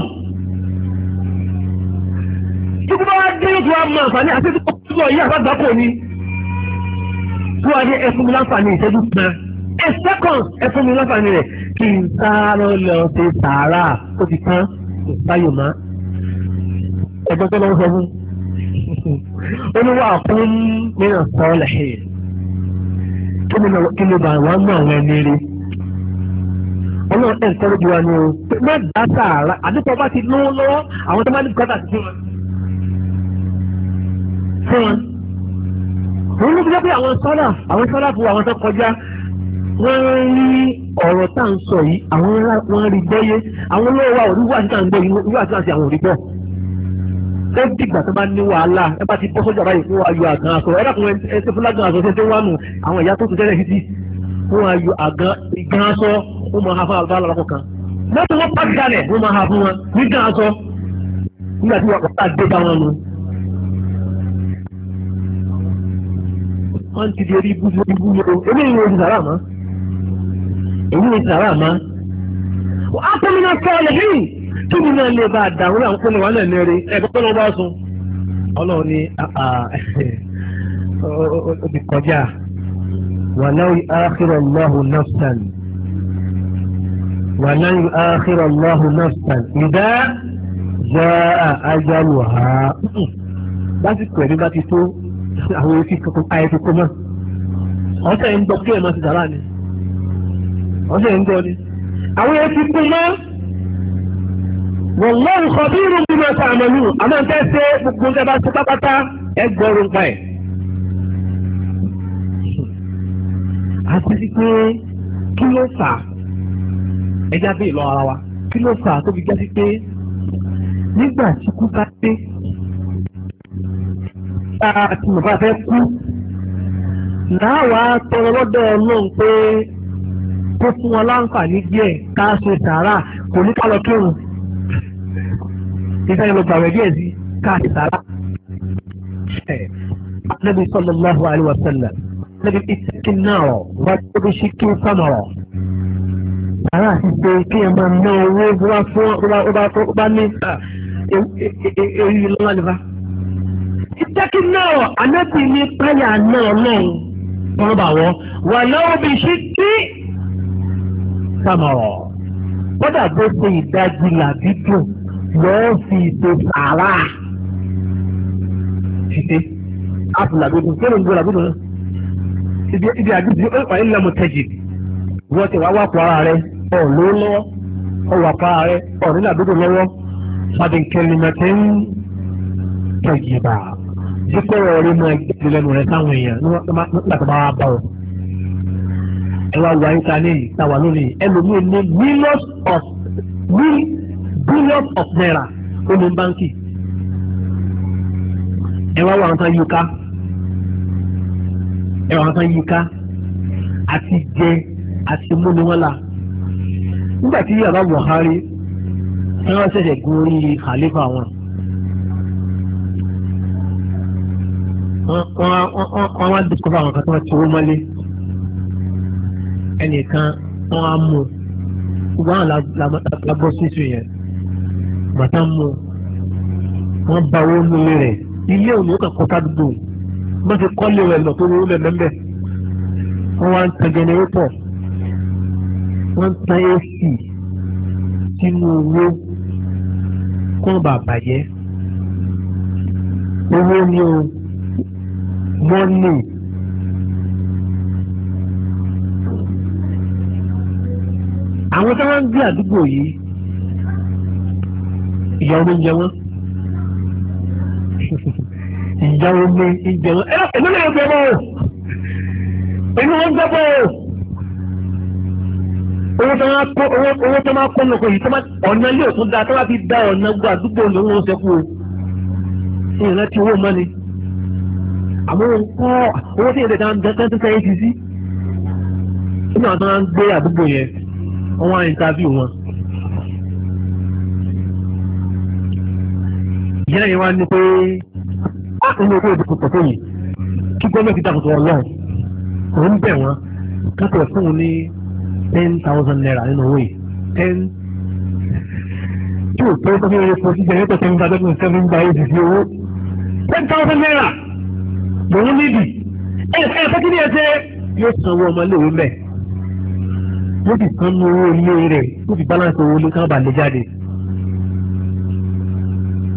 tí mo bá dé yóò fi wá mọ àǹfààní àti tí mo bá yí àbágbá kò ní. tí wọ́n á ní ẹfún mi láǹfààní ìṣẹ́jú kan ẹ sẹ́kọ̀n ẹfún mi láǹfààní rẹ̀ kí n sáré ọṣẹ olúwa àkún mìíràn sọ́ọ́ lẹ́yìn kí ni bàbá náà wọ́n ní rí ọlọ́run ẹ̀ ń tọ́jú wa ni o má dá sàárà àdúgbò bá ti lówó lọ́wọ́ àwọn tó máa ní bùkátà sí wọn. fún wọn. òun ló fi jẹ́ pé àwọn sọ́dà àwọn sọ́dà fún àwọn tó kọjá wọ́n rí ọ̀rọ̀ tá à ń sọ yìí àwọn wọn rí gbọ́yé àwọn olówó wa ò rí wá sí à ń gbọ́ yìí wíwá sí àwọn ò ó dìgbà tó bá ní wàhálà ẹ bá ti bọ́ sọ́jà báyìí fún ayọ̀ àgàn aṣọ ẹ dàkún ẹ ṣe fúlágàn aṣọ ṣe ṣe wà nù àwọn ìyá tó tún tẹ́lẹ̀ títí fún ayọ̀ àgàn ìgàn aṣọ ó máa ha fún àlùfáà lọ́kọ̀ kan mọ́tò wọn pàṣẹ dalẹ̀ ó máa ha fún wọn nígàn aṣọ nígbà tí wọn kọ́ta dé bá wọn nù. wọ́n ti di orí ibú lórí ibú lórí eléyìí ni ìsàrà mọ́ èyí ni ìsàrà mọ́. wọ́n á kíni náà lè bá dàrú àwọn kọ́ni wà lẹ́nu rẹ ẹ̀gbọ́n tó lọ́ bá sùn. ọlọ́run ni ah, ah, ó ti kọjá wàláwì áhírọ̀ lọ́hùn nafsan wàláwì áhírọ̀ lọ́hùn nafsan ìdá jẹ́ àjálù ha. lásìkò ẹ̀mí bá ti tó àwọn etí kankan ayẹyẹ tó mọ́ ọ̀sẹ̀ ń gbọ́ kí ẹ̀ máa ti dàrá ni ọ̀sẹ̀ ń gbọ́ ni àwọn etí kú mọ́. wọ̀lọ́rù kọ̀bí irun bí wọ́n sàmì lù àmọ́ ń tẹ́sẹ̀ gbogbo ń tẹ́bá sí pápátá ẹ gbọ́rù pa ẹ̀. àti pé kí ara wa kí ló fà tó fi jásí pé nígbà tí kú bá a tọrọ lọ́dọ̀ pé kó fún wọn láǹfààní díẹ̀ ká ṣe sàárà kò ní ìfẹ́ yẹn lọ gbàwẹ̀ díẹ̀ sí káàdì sára. Nabi sallallahu alaihi wa sallam Nabi ittaqi an-nar wa bishikki tamra. Sàrà àti ṣe kí ẹ máa ná owó bó bá fún ọ bá ní èyí lọ́la nípa. Ittaqi an-nar anábì ní páyà náà náà wọ́n bá wọ́n wà lọ́wọ́ bishikki tamra. Bọ́dà bó ṣe ìdajì làbí dùn lọ́ọ́ fi ṣe sàárà ṣiṣẹ́ afúnàgbẹ́dùn kí ló ń gbọ́ làgbẹ́dùn náà ibi àdúgbò ó pàdé lọ́mọ tẹ́jì wọ́n ti wá wà pọ̀ ara rẹ ọ̀ ló lọ́wọ́ ọ̀ wà pa ara rẹ ọ̀ nínú àdúgbò lọ́wọ́ fàdínkẹ́lì mẹ́tẹ́ ń tẹ̀jì bá dípò ọ̀rẹ́ mọ́ ẹgbẹ́ lẹ́nu rẹ sáwọn èèyàn nígbà tó bá wà bá ọ. ẹ wá wọ ayíta ní ìtawà lónìí ẹlòmíín ní millions of millions billions of naira ó ní báńkì ẹ wá wà wọn tán yíká ẹ wà wọn tán yíká àti jẹ àti mú ni wọn là nígbà tí yàrá Buhari ẹ wọ́n ṣẹ̀ṣẹ̀ gun orí khalifa wọn. wọ́n wá dìkọ́ àwọn kan tó ti wó mọ́lé ẹnìkan wọ́n á mú un ṣùgbọ́n àwọn làbọ́ sísun yẹn bàtà mú wọn bá owó nílé rẹ̀ ilé òun ló kà kọ́ sádùúgbò wọ́n ti kọ́lé rẹ̀ lọ tó ní orílẹ̀ mẹ́mbẹ́ wọ́n wá ń tan jẹnẹrétọ̀ wọ́n ń tan ac sínú owó kó bàa bàjẹ́ owó ni o wọ́n ní. àwọn tí wọ́n ń gbé àdúgbò yìí ìyá omi ń jẹ wọ́n ìyá omi ń jẹ wọ́n ẹ̀rọ ìlú lè gbẹ bọ́ọ̀ inú wọn gbẹ bọ́ọ̀ owó tó máa kó owó tó máa kó nǹkan yìí tó máa ọ̀nà yóò tún da tó bá fi da ọ̀nà gbọ́ àdúgbò ló ń wọ́n sẹ́kù o ìyẹn ti owó mọ́ni àmọ́ wọn kọ́ owó tí ìyẹn tẹ̀ tán tán tán tán yẹn ti sí nínú àwọn tó máa ń gbé àdúgbò yẹn wọ́n á ìntàvíw wọn. ìyá yẹn wá ní pé inú owó ìdìbò pọ̀ fún yìí kí gọ́ọ̀mẹ̀ntì dàgbà tó ọlọ́run òun bẹ̀ wọ́n kápẹ̀ fún un ní ten thousand naira nínú owó yìí ten tí o tó tó fún epo jíjẹ ní tẹ̀sán nígbà tẹ̀sán seven by eight ti owó ten thousand naira lòun níbi ẹ ẹ fẹ́ kí ni ẹ ṣe yóò san owó ọmọ iléèwé mẹ́ yóò sì san owó ilé rẹ̀ yóò sì balance owó ilé káwọn bá lè jáde.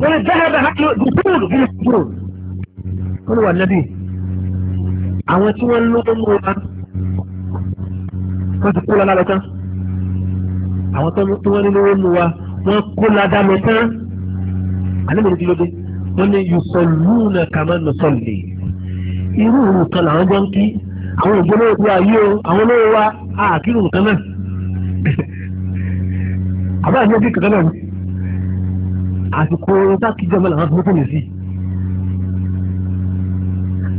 وإن ذهب هل دخول في السجون قل هو النبي àwọn tí wọ́n lówó mú wa wọ́n ti kó lọ́la lọ tán àwọn tí wọ́n lówó mú wa wọ́n kó lọ́la lọ tán àlébòrò kí ló dé wọ́n ní yusọ̀lúùnà kàmá nùsọ̀lì irú òun làwọn jọ ń kí àwọn ògbóló òkú ayé o àwọn olówó wa àkírù nǹkan náà àbá àyè ojú kankan náà àsìkò sákìjọ mọ́ làwọn fún mi sí.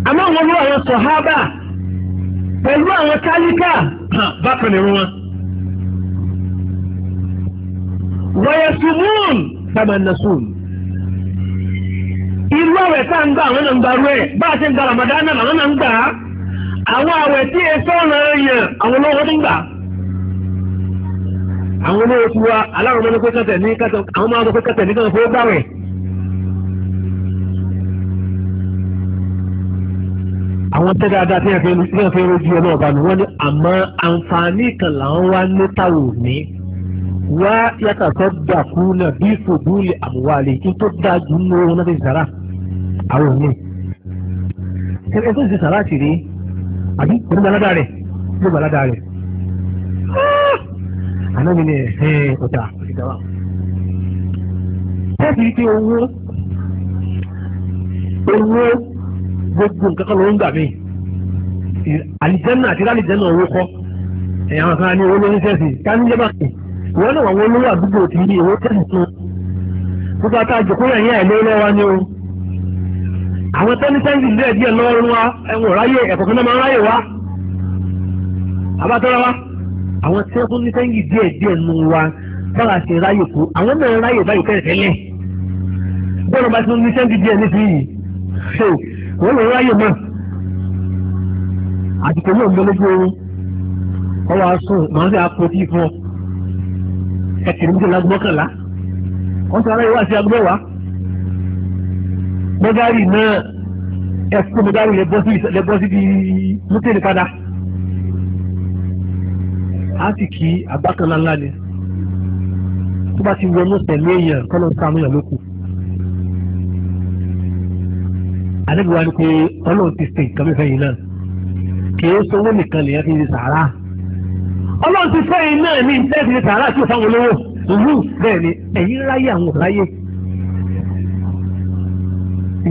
àmọ́ àwọn olú àwọn sọ̀hábà pẹ̀lú àwọn tálíkà bákan ní wọn. wọ́yẹ̀sùmùn sàmànàsùn. irú àwẹ̀ tá à ń gbà àwọn náà ń bá a ṣe ń gba Ramadan náà làwọn àwọn àwẹ̀ tí ẹ sọ̀rọ̀ yẹn àwọn olówó ti ń gbà àwọn olówó ti wá aláwọn ọmọdé pé kẹtẹ ní kẹtẹ àwọn máa sọ pé kẹtẹ ní kẹtẹ fún gbàwẹ̀. àwọn tẹ́ dáadáa tí wọ́n fi ní wọ́n fi rojú ọmọ ọba ni wọ́n ní àmọ́ àǹfààní kan làwọn wá ní táwọn òní wá yàtọ̀ sọ dàkú náà bí fòdúlẹ̀ àmúwálé kí tó dáa jù ní owó náà fi sàrà àwọn òní. ẹ ẹ tó ti sàrà sí àbí kò ní balada rẹ̀ ní balada rẹ̀. ànábi ni ẹ̀hìn ọ̀tà tẹ́sí owó owó gbogbo nǹkan kan gbà mí àti owó ẹ̀yà kan ní owó wọ́n náà wọ́n àdúgbò tí ní owó gbogbo àjòkó yẹn yẹn lọ́wọ́ ni o àwọn àwọn tí wọ́n tún ní sẹ́yìn díẹ̀ díẹ̀ nù wa báwa ṣe ráyè tó àwọn náà ráyè báyìí tẹ́lẹ̀ tẹ́lẹ̀ bọ́ọ̀lù bá tún ní sẹ́yìn díẹ̀ nísìnyí so wọ́n lè ráyè mọ́ àtìkò náà ń bẹ lójú oorun ọwọ́ asùn màá sì àpótí fún ọ ẹ̀kìrì méjìlá gbọ́kànlá wọ́n ti ara ìwà sí agbẹ́wàá mọ́gárì náà ẹ̀kú mọ́gárì lẹ́bọ́ síbi mútẹ́lì padà àtìkí àgbákanlá ńlá ni tó bá ti wọnú pẹ̀lú èèyàn kọ́nà sàmú èèyàn lókù. àdébù wa ni pé ọlọ́run ti ṣe nǹkan mẹ́fẹ́ yìí náà kì í sanwó nìkan lèyàn fi ṣe sàárà. ọlọ́run ti fẹ́ yìí náà ní ìfẹ́ fi ṣe sàárà tí ò fáwọn olówó òwú bẹ́ẹ̀ ni ẹ̀yìn ráyè àwọn òráyè.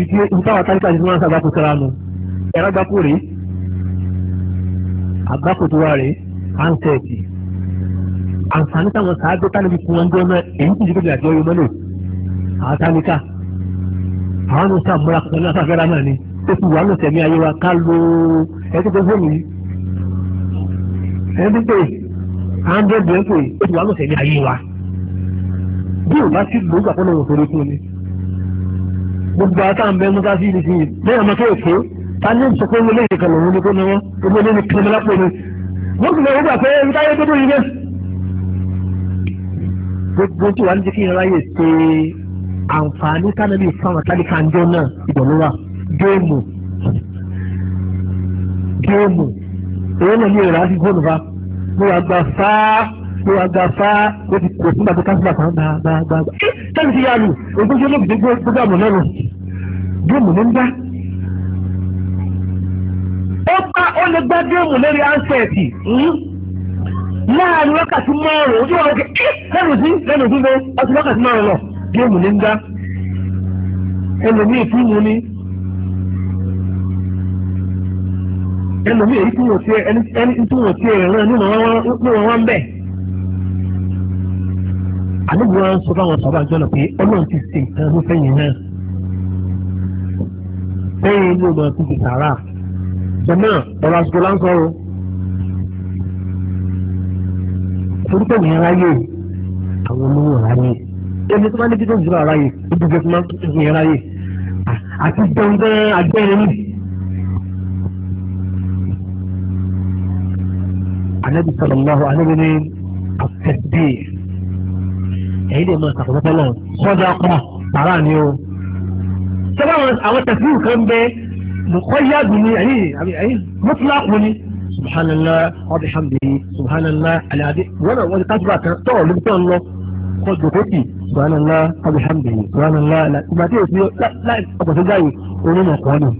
ìdí ìtawà táríkà ti fún wọn sábà kó sára nu ẹ̀rọ gbáko rèé àgbákò tó wà rèé ansẹ́ẹ̀tì àǹfààní táwọn sáájú tánibí fún wọn jẹ́ náà èyí tí ìdíkejì àti ọyọ mọ́lẹ̀ àtàníkà àwọn ọmọ sáà múra pẹ̀lú afẹ́fẹ́ra náà ni ó fi wà lọ́sẹ̀ ní ayé wa ká lo ẹgbẹ́ tó fóònù yìí ẹni pé hundred rẹ̀ pé ó fi wà lọ́sẹ̀ ní ayé wa bí o bá sí lóògbà fọ́nà òfin orí fún mi gbogbo ata ń bẹ mọ́tà sí ìdí sí yìí lẹ́yìn ọmọ tó yẹ kó ta ní ìsọkúnlélẹ́yìn kan lòun ní kó náwó gbogbo ní kẹlẹ́mẹ́lá pé ní wọ́n sì lè wọ́n gbà pé táyé tó dóyìn náà. gbogbo tí wàá ní jẹ́ kí ìran ayé ṣe àǹfààní tánàbí fáwọn tálíkà ń jọ náà ìdọ̀lọ́wà géèmù géèmù èyí náà ní ìrà sí fóònù fa mo wà gbà fáá mo wà gbà fáá ó ti kò fún bàbá káfíńbà kan gbàgbàgbà. táyì ti yá lu ògbóṣe lóògùn gbogbo àmọ̀ náà nù géèmù ló ń dá gbá ó lè gbá géèmù lórí ánsẹ̀tì hmm? láàrin wákàtí márùn-ún ojú ọ̀rọ̀ kí lẹ́nu sí lẹ́nu sí lọ ọtí wákàtí márùn-ún lọ géèmù ní ń dá ẹlòmíì fún mu ní ẹlòmíì èyí tí wọ́n ti ẹni tí wọ́n ti rán ní wọ́n wá ń bẹ̀. àlejò wọn sọ fáwọn sọ́ba jọ́nà pé ọlọ́run ti ṣe nǹkan ló fẹ́ yẹn náà. bẹ́ẹ̀ ni ó máa fi ti sàrà jọ̀mọ́ ọ̀rọ̀ àsìkò láǹkọ́ o torí pé ìyẹn ráyè àwọn olówó ráyè ẹni tó bá ní bíjọ́ ìjọba ráyè ó ti jẹ́ fún máa ń ìyẹn ráyè àti jẹun gan agbẹ́rin mi. anabi sallallahu anabi ni atẹ̀dé ẹ̀yin lè máa sàkóso tọ́lọ̀ sọ́jà ọkọ̀ tààrà ni o. sọ́jà àwọn tẹ̀síwù kan bẹ́ẹ̀. مقيد من يعني يعني مطلق من سبحان الله وبحمده سبحان الله على ذي وانا وانا قصبك طول بتقول الله قد قلت سبحان الله وبحمده سبحان الله لا ما تيجي لا لا ابو سجاي ما قانون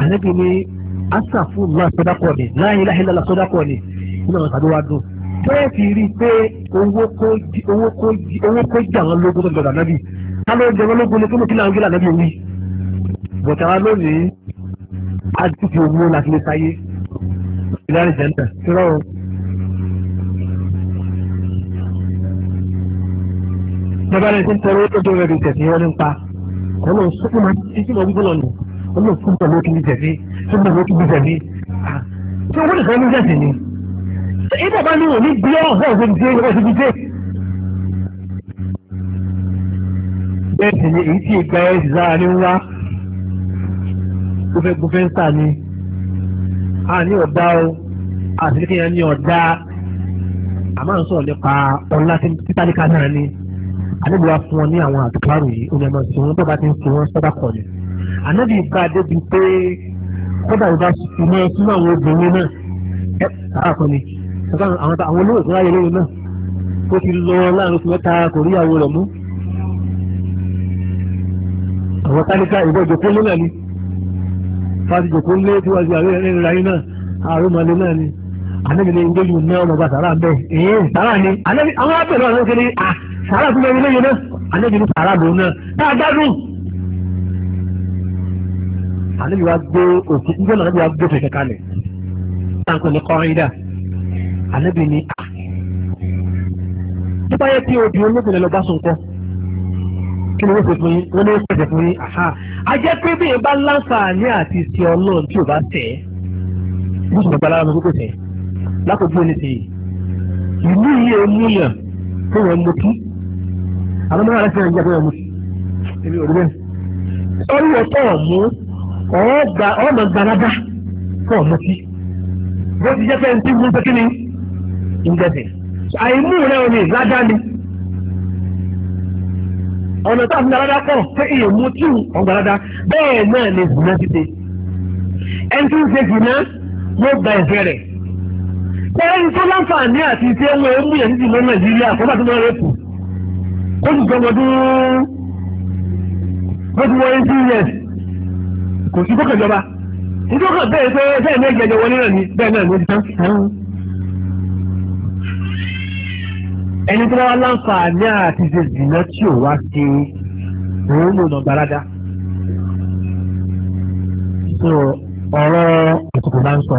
انا بني asafu الله صدقوني لا láyé láhìlá الله صدقوني ni nínú àwọn ìpàdé wa dùn bẹ́ẹ̀ fi rí i pé owó kó owó kó ta ló jẹ wọn lógun ní kí ló kí láwọn gíga lọ́dún wí bọ̀tà wa lónìí adúgbò owó láti lè sáyé ìlànà ìjẹta ìrọ̀ bàbá rẹ̀ ti ń tọrọ tó tó rẹ̀ lè tẹ̀sí wọn nípa ọ̀nà sọ́kùn máa ti tí wọ́n gbọ́dọ̀ nù ọ̀nà fún bàbá òkè ní tẹ̀sí fún bàbá òkè ní tẹ̀sí tí owó nìkan ní tẹ̀sí ni. ìbàbá ni òní gbé ọ̀hún ọ̀hún ti dé ọ̀hún ti dé. bẹ́ẹ̀ sì ni èyí tí ìgbà ẹ̀ sì sára ní wá gbọ́fẹ́ gbọ́fẹ́ ń tà ní a ní ọ̀dá o a sì ní kéèyàn ní ọ̀dá a máa ń sọ̀rọ̀ nípa ọ̀la títàlíkà náà ni àlejò wa fún ọ ní àwọn àdùkárò yìí ó ní ọmọ sí wọn tó bá ti ń sin wọn sọ́dà kọ̀ ni ànábì ìgbà débi pé kódà ìbá sùnmọ́ sínú àwọn obìnrin náà ẹ sáà kọ́ ni àwọn olóògbé ayẹyẹ náà ó ti lọ láàrin oṣù mẹ́ta kò rí àwọn rẹ̀ mú àwọn tálíkà ìbọn ìjòkó lé náà ni fáti ìjòkó lé tíwájú àríyànjú ayé náà àrùmọ̀lé náà ni anábìlẹ̀ ilé yìí náà ọmọ bá sàrà bẹ́ẹ̀ èyí sàrà ni àwọn abẹ́rẹ́ ọ̀rẹ́ kiri à sàrà fún mi lẹ́yìn náà anábìlẹ̀ sàrà lòun náà náà dádùn. anábìlẹ̀ wa gbé òkú nígbà náà anábìlẹ̀ wa gbé fẹ̀kẹ́ kalẹ̀ sáǹkó ní kọ́rìndà anábìlẹ̀ ni à. tó bá yẹ kí kí ni wọ́n ṣe fún yín wọ́n ní wọ́n ṣe fún yín a jẹ́ pé bí ìbá láǹfààní àti ìṣe ọlọ́run tí ò bá tẹ̀ ẹ́ bí ìṣòro bá lára mi kókò tẹ̀ lákòókò ní ti ìlú yìí ò mú yàn tó yàn mú kí àwọn mẹ́rin àti ìṣẹ̀lẹ̀ ń jẹ́ tó yàn mú kí ebi òru bẹ́ẹ̀. sọ́rí ọ̀tọ̀ ọ̀mú ọ̀ọ́mọ gbaradá fún ọ̀mú kí bó ti jẹ́ pé ẹni tí wọ́n ń pẹ́ kí ni ń àìmú rẹ̀ ò ní ìgbádá ni ọ̀nà tá a fi dáradá pọ̀ pé èèyàn mú tí ò gbàradá bẹ́ẹ̀ náà ni zùnà títẹ ẹni tí ń ṣe zùnà ló gba ẹ̀fẹ́ rẹ̀ ẹni tó láǹfààní àti ìṣe wọn ó mú yẹn títí lọ nàìjíríà kó bá tó máa rẹ́pù ó sì jọ ọdún ó ti wọ eighteen years kò sí kókè jọba ìjọba bẹ́ẹ̀ pé bẹ́ẹ̀ ní wọlé náà ni bẹ́ẹ̀ náà ni ó ti tán. ẹni tó wá láǹfààní àti ṣe zìnà tí ò wá ṣe òun ló nà gbalada. so ọ̀rọ̀ àtùkù bá ń sọ.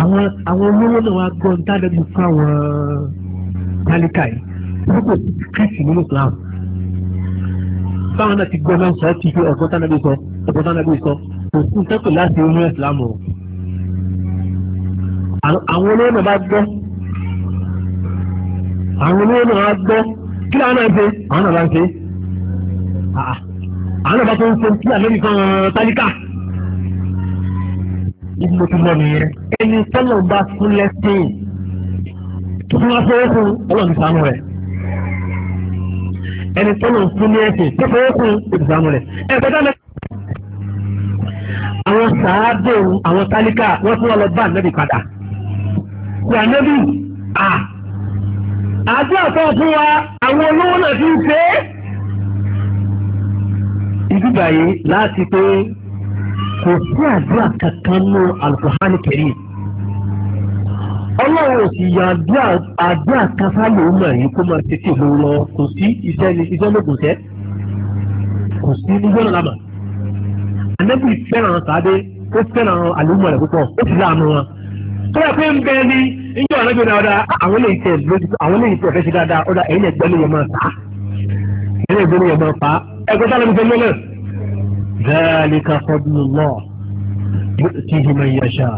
àwọn àwọn olówó náà wá gbọ́ ní tádẹ́gbù fáwọn tálíkà yìí wọ́n kò sí kírísì nínú Islam. báwọn náà ti gbọ́ náà sọ ti fi ọ̀gbọ́n tánàbí sọ ọ̀gbọ́n tánàbí sọ kò sí sẹ́kù láti inú Islam o. àwọn olówó náà bá gbọ́ àwọn oníwọ̀n náà gbọ́ kí làwọn náà ṣe àwọn náà bá ń ṣe ah, ah. àwọn náà bá tó ń ṣe kí àlẹ́bí kan uh, tálíkà ibi mo ti lọ nìyẹn ẹni tọ́lọ̀ bá fún lẹ́sìn tó fún wá fún ẹ̀kún ọlọ́run sànú rẹ̀ ẹni tọ́lọ̀ fún ní ẹ̀sìn tó fún ẹ̀kún ọlọ́run sànú rẹ̀ ẹ̀ẹ́dẹ́ dáná. àwọn sàádùn àwọn tálíkà wọ́n fún wọn lọ bá ànábì àti àtọ́ fún wa àwọn olówó náà ti ń ṣe é. ìdúgba yìí láti pé kò sí àdúrà kankan ní Al-Qur'an Karim ọlọ́run òsì yàdúrà àdúrà kásá lòún mọ̀ yìí kó máa tètè lò lọ kò sí iṣẹ́ ní iṣẹ́ ló kò sẹ́ kò sí ní gbọ́dọ̀ lábà ànábì fẹ́ràn sáré ó fẹ́ràn àlùmọ̀ rẹ̀ púpọ̀ ó sì láàánú wọn. tó yẹ pé ń bẹ ní níjọ́ ànágbé náà ọ̀dà àwọn lè tẹ̀ lójú àwọn lè tẹ̀ fẹ́ ṣe dáadáa ọ̀dà ẹ̀yìn ẹ̀gbẹ́ ló yẹ máa fà á ẹ̀yìn ẹ̀gbẹ́ ló yẹ máa fà á ẹ̀gbẹ́ sálẹ̀ mi fẹ́ lọ́nà. dhalika fadlullah yu'tihi man yasha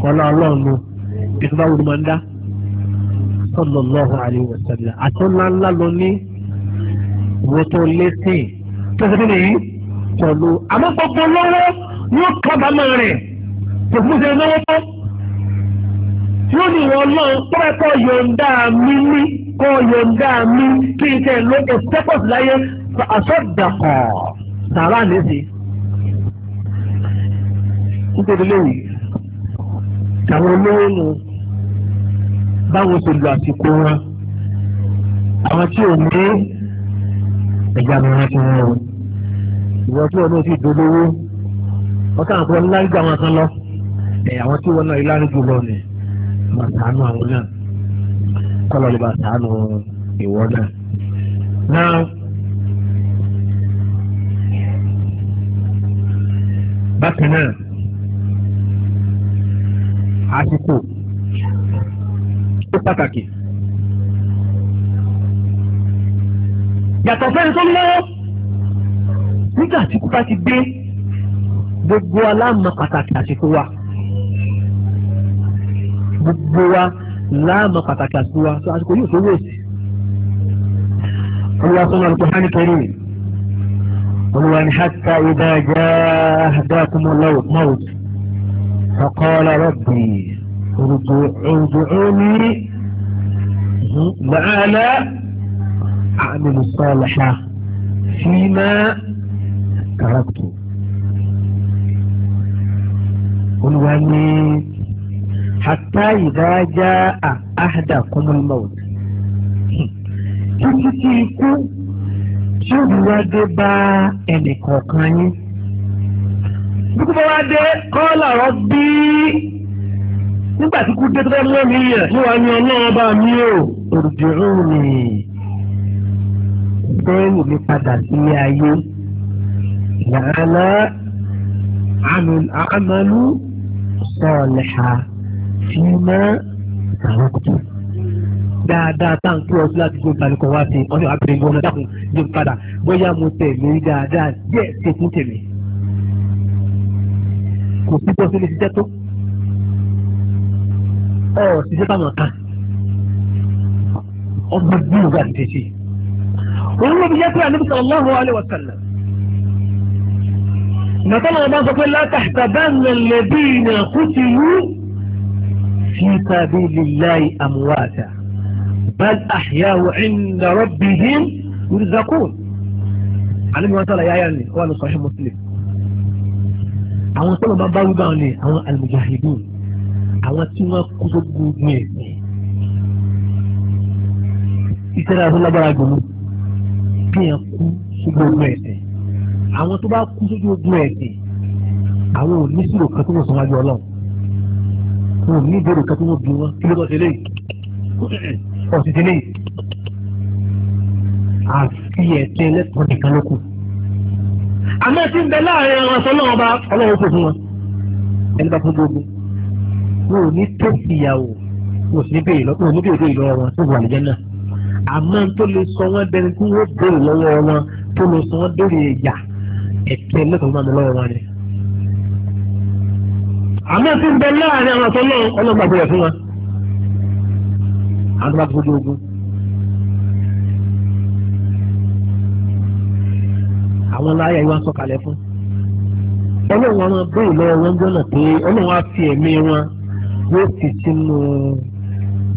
kọ́lá ọlọ́ọ̀nù ìtura wo ni máa ń dá sallallahu alayhi wa sallam àti ńlá ńlá yóò ní ìwọ náà pẹ́ kọ́ yọ̀ǹda mi ní kọ́ yọ̀ǹda mi kí n tẹ̀ ló kò sẹ́pọ̀sì láyé àsọ̀dàkọ̀ sàrà nìsí. nítorí léwu àwọn olówó nù báwo ṣe lu àsìkò wọn àwọn tí ò ní ẹ̀yà mìíràn ti wọn o ìwọ tí wọn náà ti dolówó wọn kàn fún ọ ní láńgbà wọn kan lọ ẹ̀ àwọn tí wọn náà rí láńgbà lọ nìyẹn máa sàánú àwọn náà kọ́lọ̀ ló máa sàánú ìwọ náà. náà bákan náà àsìkò ó pàtàkì. yàtọ̀ fẹ́ni tó lọ́wọ́ nígbà tí kúta ti dé gbogbo aláàmọ̀ pàtàkì àsìkò wa. gbogbo wa láàmà pàtàkì àti wa tó àsìkò yóò tó wéèsì. olùwà sọ́nà al-Qur'an al-Karim olùwà ní hatta idha jahadakum al-mawt faqala rabbi irji'uni la'ala a'malu salihan fima taraktu. olùwà ní. hatta ìdájá àhádà kọ́mọ́lmọ́ọ̀ títí tí ikú tí ó wá dé bá ẹnì kọ̀ọ̀kan yín. Bíkú bá wá dé kọ́lá rọ bí nígbà tí kú dé tó bá mọ́ mi yẹ̀ ní wàá ní ọlọ́run mi ò òrùjẹ̀rún mi. Bẹ́ẹ̀ wò mí padà sílé ayé. Yàrá àmàlú sọ̀lẹ̀ ha. فيما تركتم dáadáa tá à ń kúrò sí láti gbé ìbálòpọ̀ wá sí ọ̀sẹ̀ àbẹ̀rẹ̀ ìwọ ọ̀nà dàkún yóò padà bóyá mo tẹ̀ lórí dáadáa díẹ̀ tó kún tèmi. kò sí bọ́sí lè ṣiṣẹ́ tó ọ̀ ṣiṣẹ́ táwọn kan ọmọ bí mo bá ti ṣe. òun ló fi jẹ́ pé àníbi sọ̀rọ̀ lọ́wọ́ alẹ́ wà sàlẹ̀. nàtàlọ́ ọba sọ pé látàkàbá ń lè bí ìnà kùtì yìí. في سبيل الله أمواتا بل أحياء عند ربهم يرزقون علم وصل يا يعني قال صحيح مسلم àwọn tó lọ máa bá wíwá ni àwọn almujahidun àwọn tí wọn kú tó gbogbo ẹ ìṣẹ̀lẹ̀ àti lágbára gbòmù bí ẹ kú sójú ogun ẹsẹ àwọn tó bá kú sójú ogun ẹsẹ àwọn ò ní sùúrù kan tó wọn sọ wájú Ọlọ́run wọn ò ní ìbéèrè kan tí wọ́n bí wọn kí ló bá ṣe léyìí ọ̀sìn ti léyìí àfi ẹ̀sìn ẹlẹ́kọ̀ọ́ nìkan ló kù. àmọ́ tí ń bẹ láàrin àwọn aṣọ náà bá ọlọ́run kò fún wọn ẹni bá fún gbogbo wọn ò ní tó ìyàwó wọn ò sì ní béèrè lọ́wọ́ wọn ò ní béèrè lọ́wọ́ wọn tó wà lẹ́yìn náà àmọ́ tó lè sọ wọ́n dẹni tí wọ́n béèrè lọ́wọ́ wọn tó lè sọ wọ́n béèrè ìyà ẹ̀sìn ẹlẹ́kọ̀ọ́ àmọ́ tí ń bẹ láàrin àwọn àtọ́lọ́ ọlọ́gbàgbọ́ rẹ̀ fún wa àwọn àgbàgbọ́ ojú ogun àwọn láyà yìí wá ń sọ̀kalẹ̀ fún ọlọ́run wọn máa bẹ́ẹ̀ lọ́wọ́ wọn gbọ́nà pé ọlọ́run á fi ẹ̀mí wọn yóò fi sínú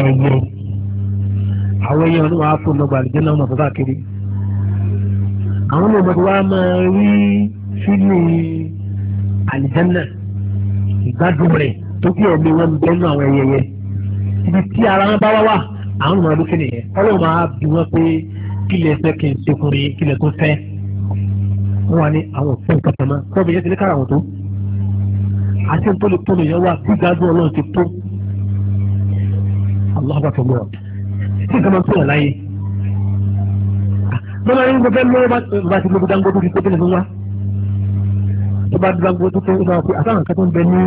ẹ̀yẹ àwọn ẹ̀yẹ ọlọ́run á fún ọgbà àlùjẹ́ náà mọ̀ káàkiri àwọn ọmọ ọmọdé wa máa rí fílì àlùjẹ́ náà ìgbádùn rẹ̀ tó kí ẹ̀mí wọn ń bẹ́nu àwọn ẹyẹ yẹn ibi tí ara wọn bá wá wà àwọn ọmọ ọdún kìnìyẹn ọlọ́run máa bí wọn pé kí lè fẹ́ kí n sekúnrin kí lè tó fẹ́ wọn wà ní àwọn òfin kankan mọ́ kọ́ mi yẹn ti ní kára wọn tó àti tó lè tó nìyẹn wà kí gbádùn ọlọ́run ti tó aláwọ̀ tó mọ̀ kí nǹkan máa tó yàn láyé. bọ́lá yín gbọ́dọ̀ lọ́wọ́ bá ti gbogbo dáńgọ́dọ́ fi gbogbo nìkan wá tó bá Dangote tó ń lọ pé àtàwọn kan tó ń bẹ ní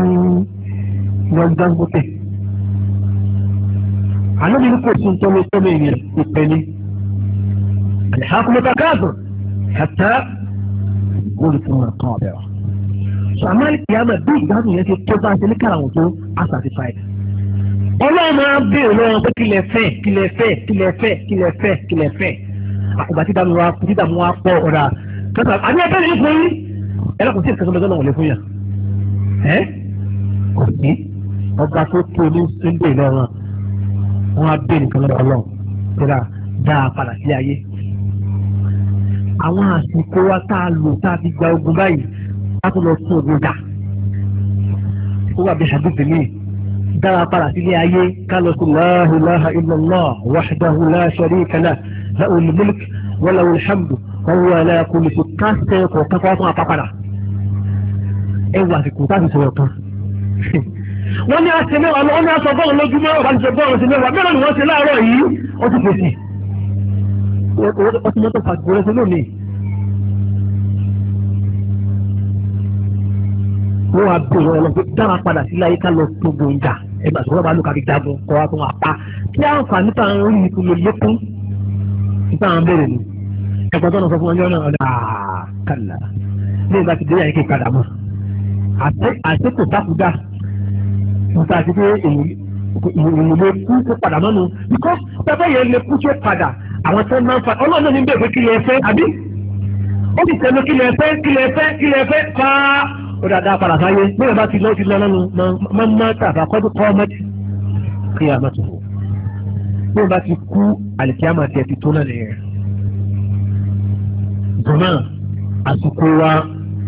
wọn Dangote àná mi ní kò sí tọ́lé tọ́lé yẹn ìpè ní alihakumata káàbọ̀ kàtà góòlù tó wọn kàn ọ̀bẹ̀ wa. sọ àmàlì kìámà bí ìdáhùn yẹn ti tó bá ṣe ní kàràwọ̀ tó a ọlọ́run máa ń béèrè lọ́wọ́ pé kílẹ̀ fẹ́ kílẹ̀ fẹ́ kílẹ̀ fẹ́ kílẹ̀ fẹ́ kílẹ̀ fẹ́ àkùgbà tí dàmú wa pọ̀ ọ̀dà kẹta àbí ẹ ẹ̀rọ kò sí ìkẹ́kọ̀ọ́ lọ́jọ́ náà wọlé fún yà ẹ́ kò sí ọba tó tó ní sunday lọ́rùn wọn á bẹ́ẹ̀ nìkan lọ́dọ̀ ọlọ́run tẹ́lá dáa padà sí ayé àwọn àsìkò wa tá a lò tá a fi gba ogun báyìí a tún lọ tún ogun dà ó wà bí hadith mi dára padà sílé ayé ká lọ sí láhùláhà illallah wahdahu la sharika lah lahu al-mulk wa lahu kọ́wọ́ ẹlẹ́ẹ̀kọ́ lè fi káṣẹ́ ẹ̀kọ́ kẹ́kọ́ fún apápadà ẹ wà àsìkò táàbì sọ̀rọ̀ kan. wọ́n ní aṣọ mẹ́wàá wọ́n ní aṣọ bọ́ọ̀lù lójúmọ́ ọ̀bá ti ṣe bọ́ọ̀lù sí mẹ́wàá mẹ́wàá ni wọ́n ṣe láàárọ̀ yìí ó ti fèsì. ó ti mọ́tò pàtó rẹ sí lónìí. wọ́n á bèrè ọ̀rọ̀ pé dára padà sí láyé ká lọ tó gbòǹjà ẹgbà tó rọ́bà lùkàkì jagun kọ́ wa fún wa pa kí àǹfààní táwọn orí ìkùnlé lékún nípa àwọn bẹ̀rẹ̀ nìyí ẹ̀kọ́ tó lọ sọ fún ọjọ́ náà ọ̀dà kàlà ní ìgbà tí dé yàrá kí padà mọ́ àti kò sákúdà nípa àti pé ìròyìn lè kú kó padà mọ́nu bíkọ́ pẹ́pẹ́ yẹn lè kú tó padà àwọn tó máa ń fa ọlọ́run náà ní bẹ́ẹ̀ pé kí lè fẹ́ àbí ó sì tẹnu kí lè fẹ́ kí lè fẹ́ kí lè fẹ́ fa ó dáadáa padà sáyé bẹ́ẹ̀ bá ti lọ́ ti lọ lọ́nu máa ń má tàbá kọ́dún kọ́ mọ́tì o a má tó bẹ́ẹ̀ bá ti kú àlìkí àmàtì ẹ̀ ti tó náà nìyẹn jọ̀mọ́ àsìkò wa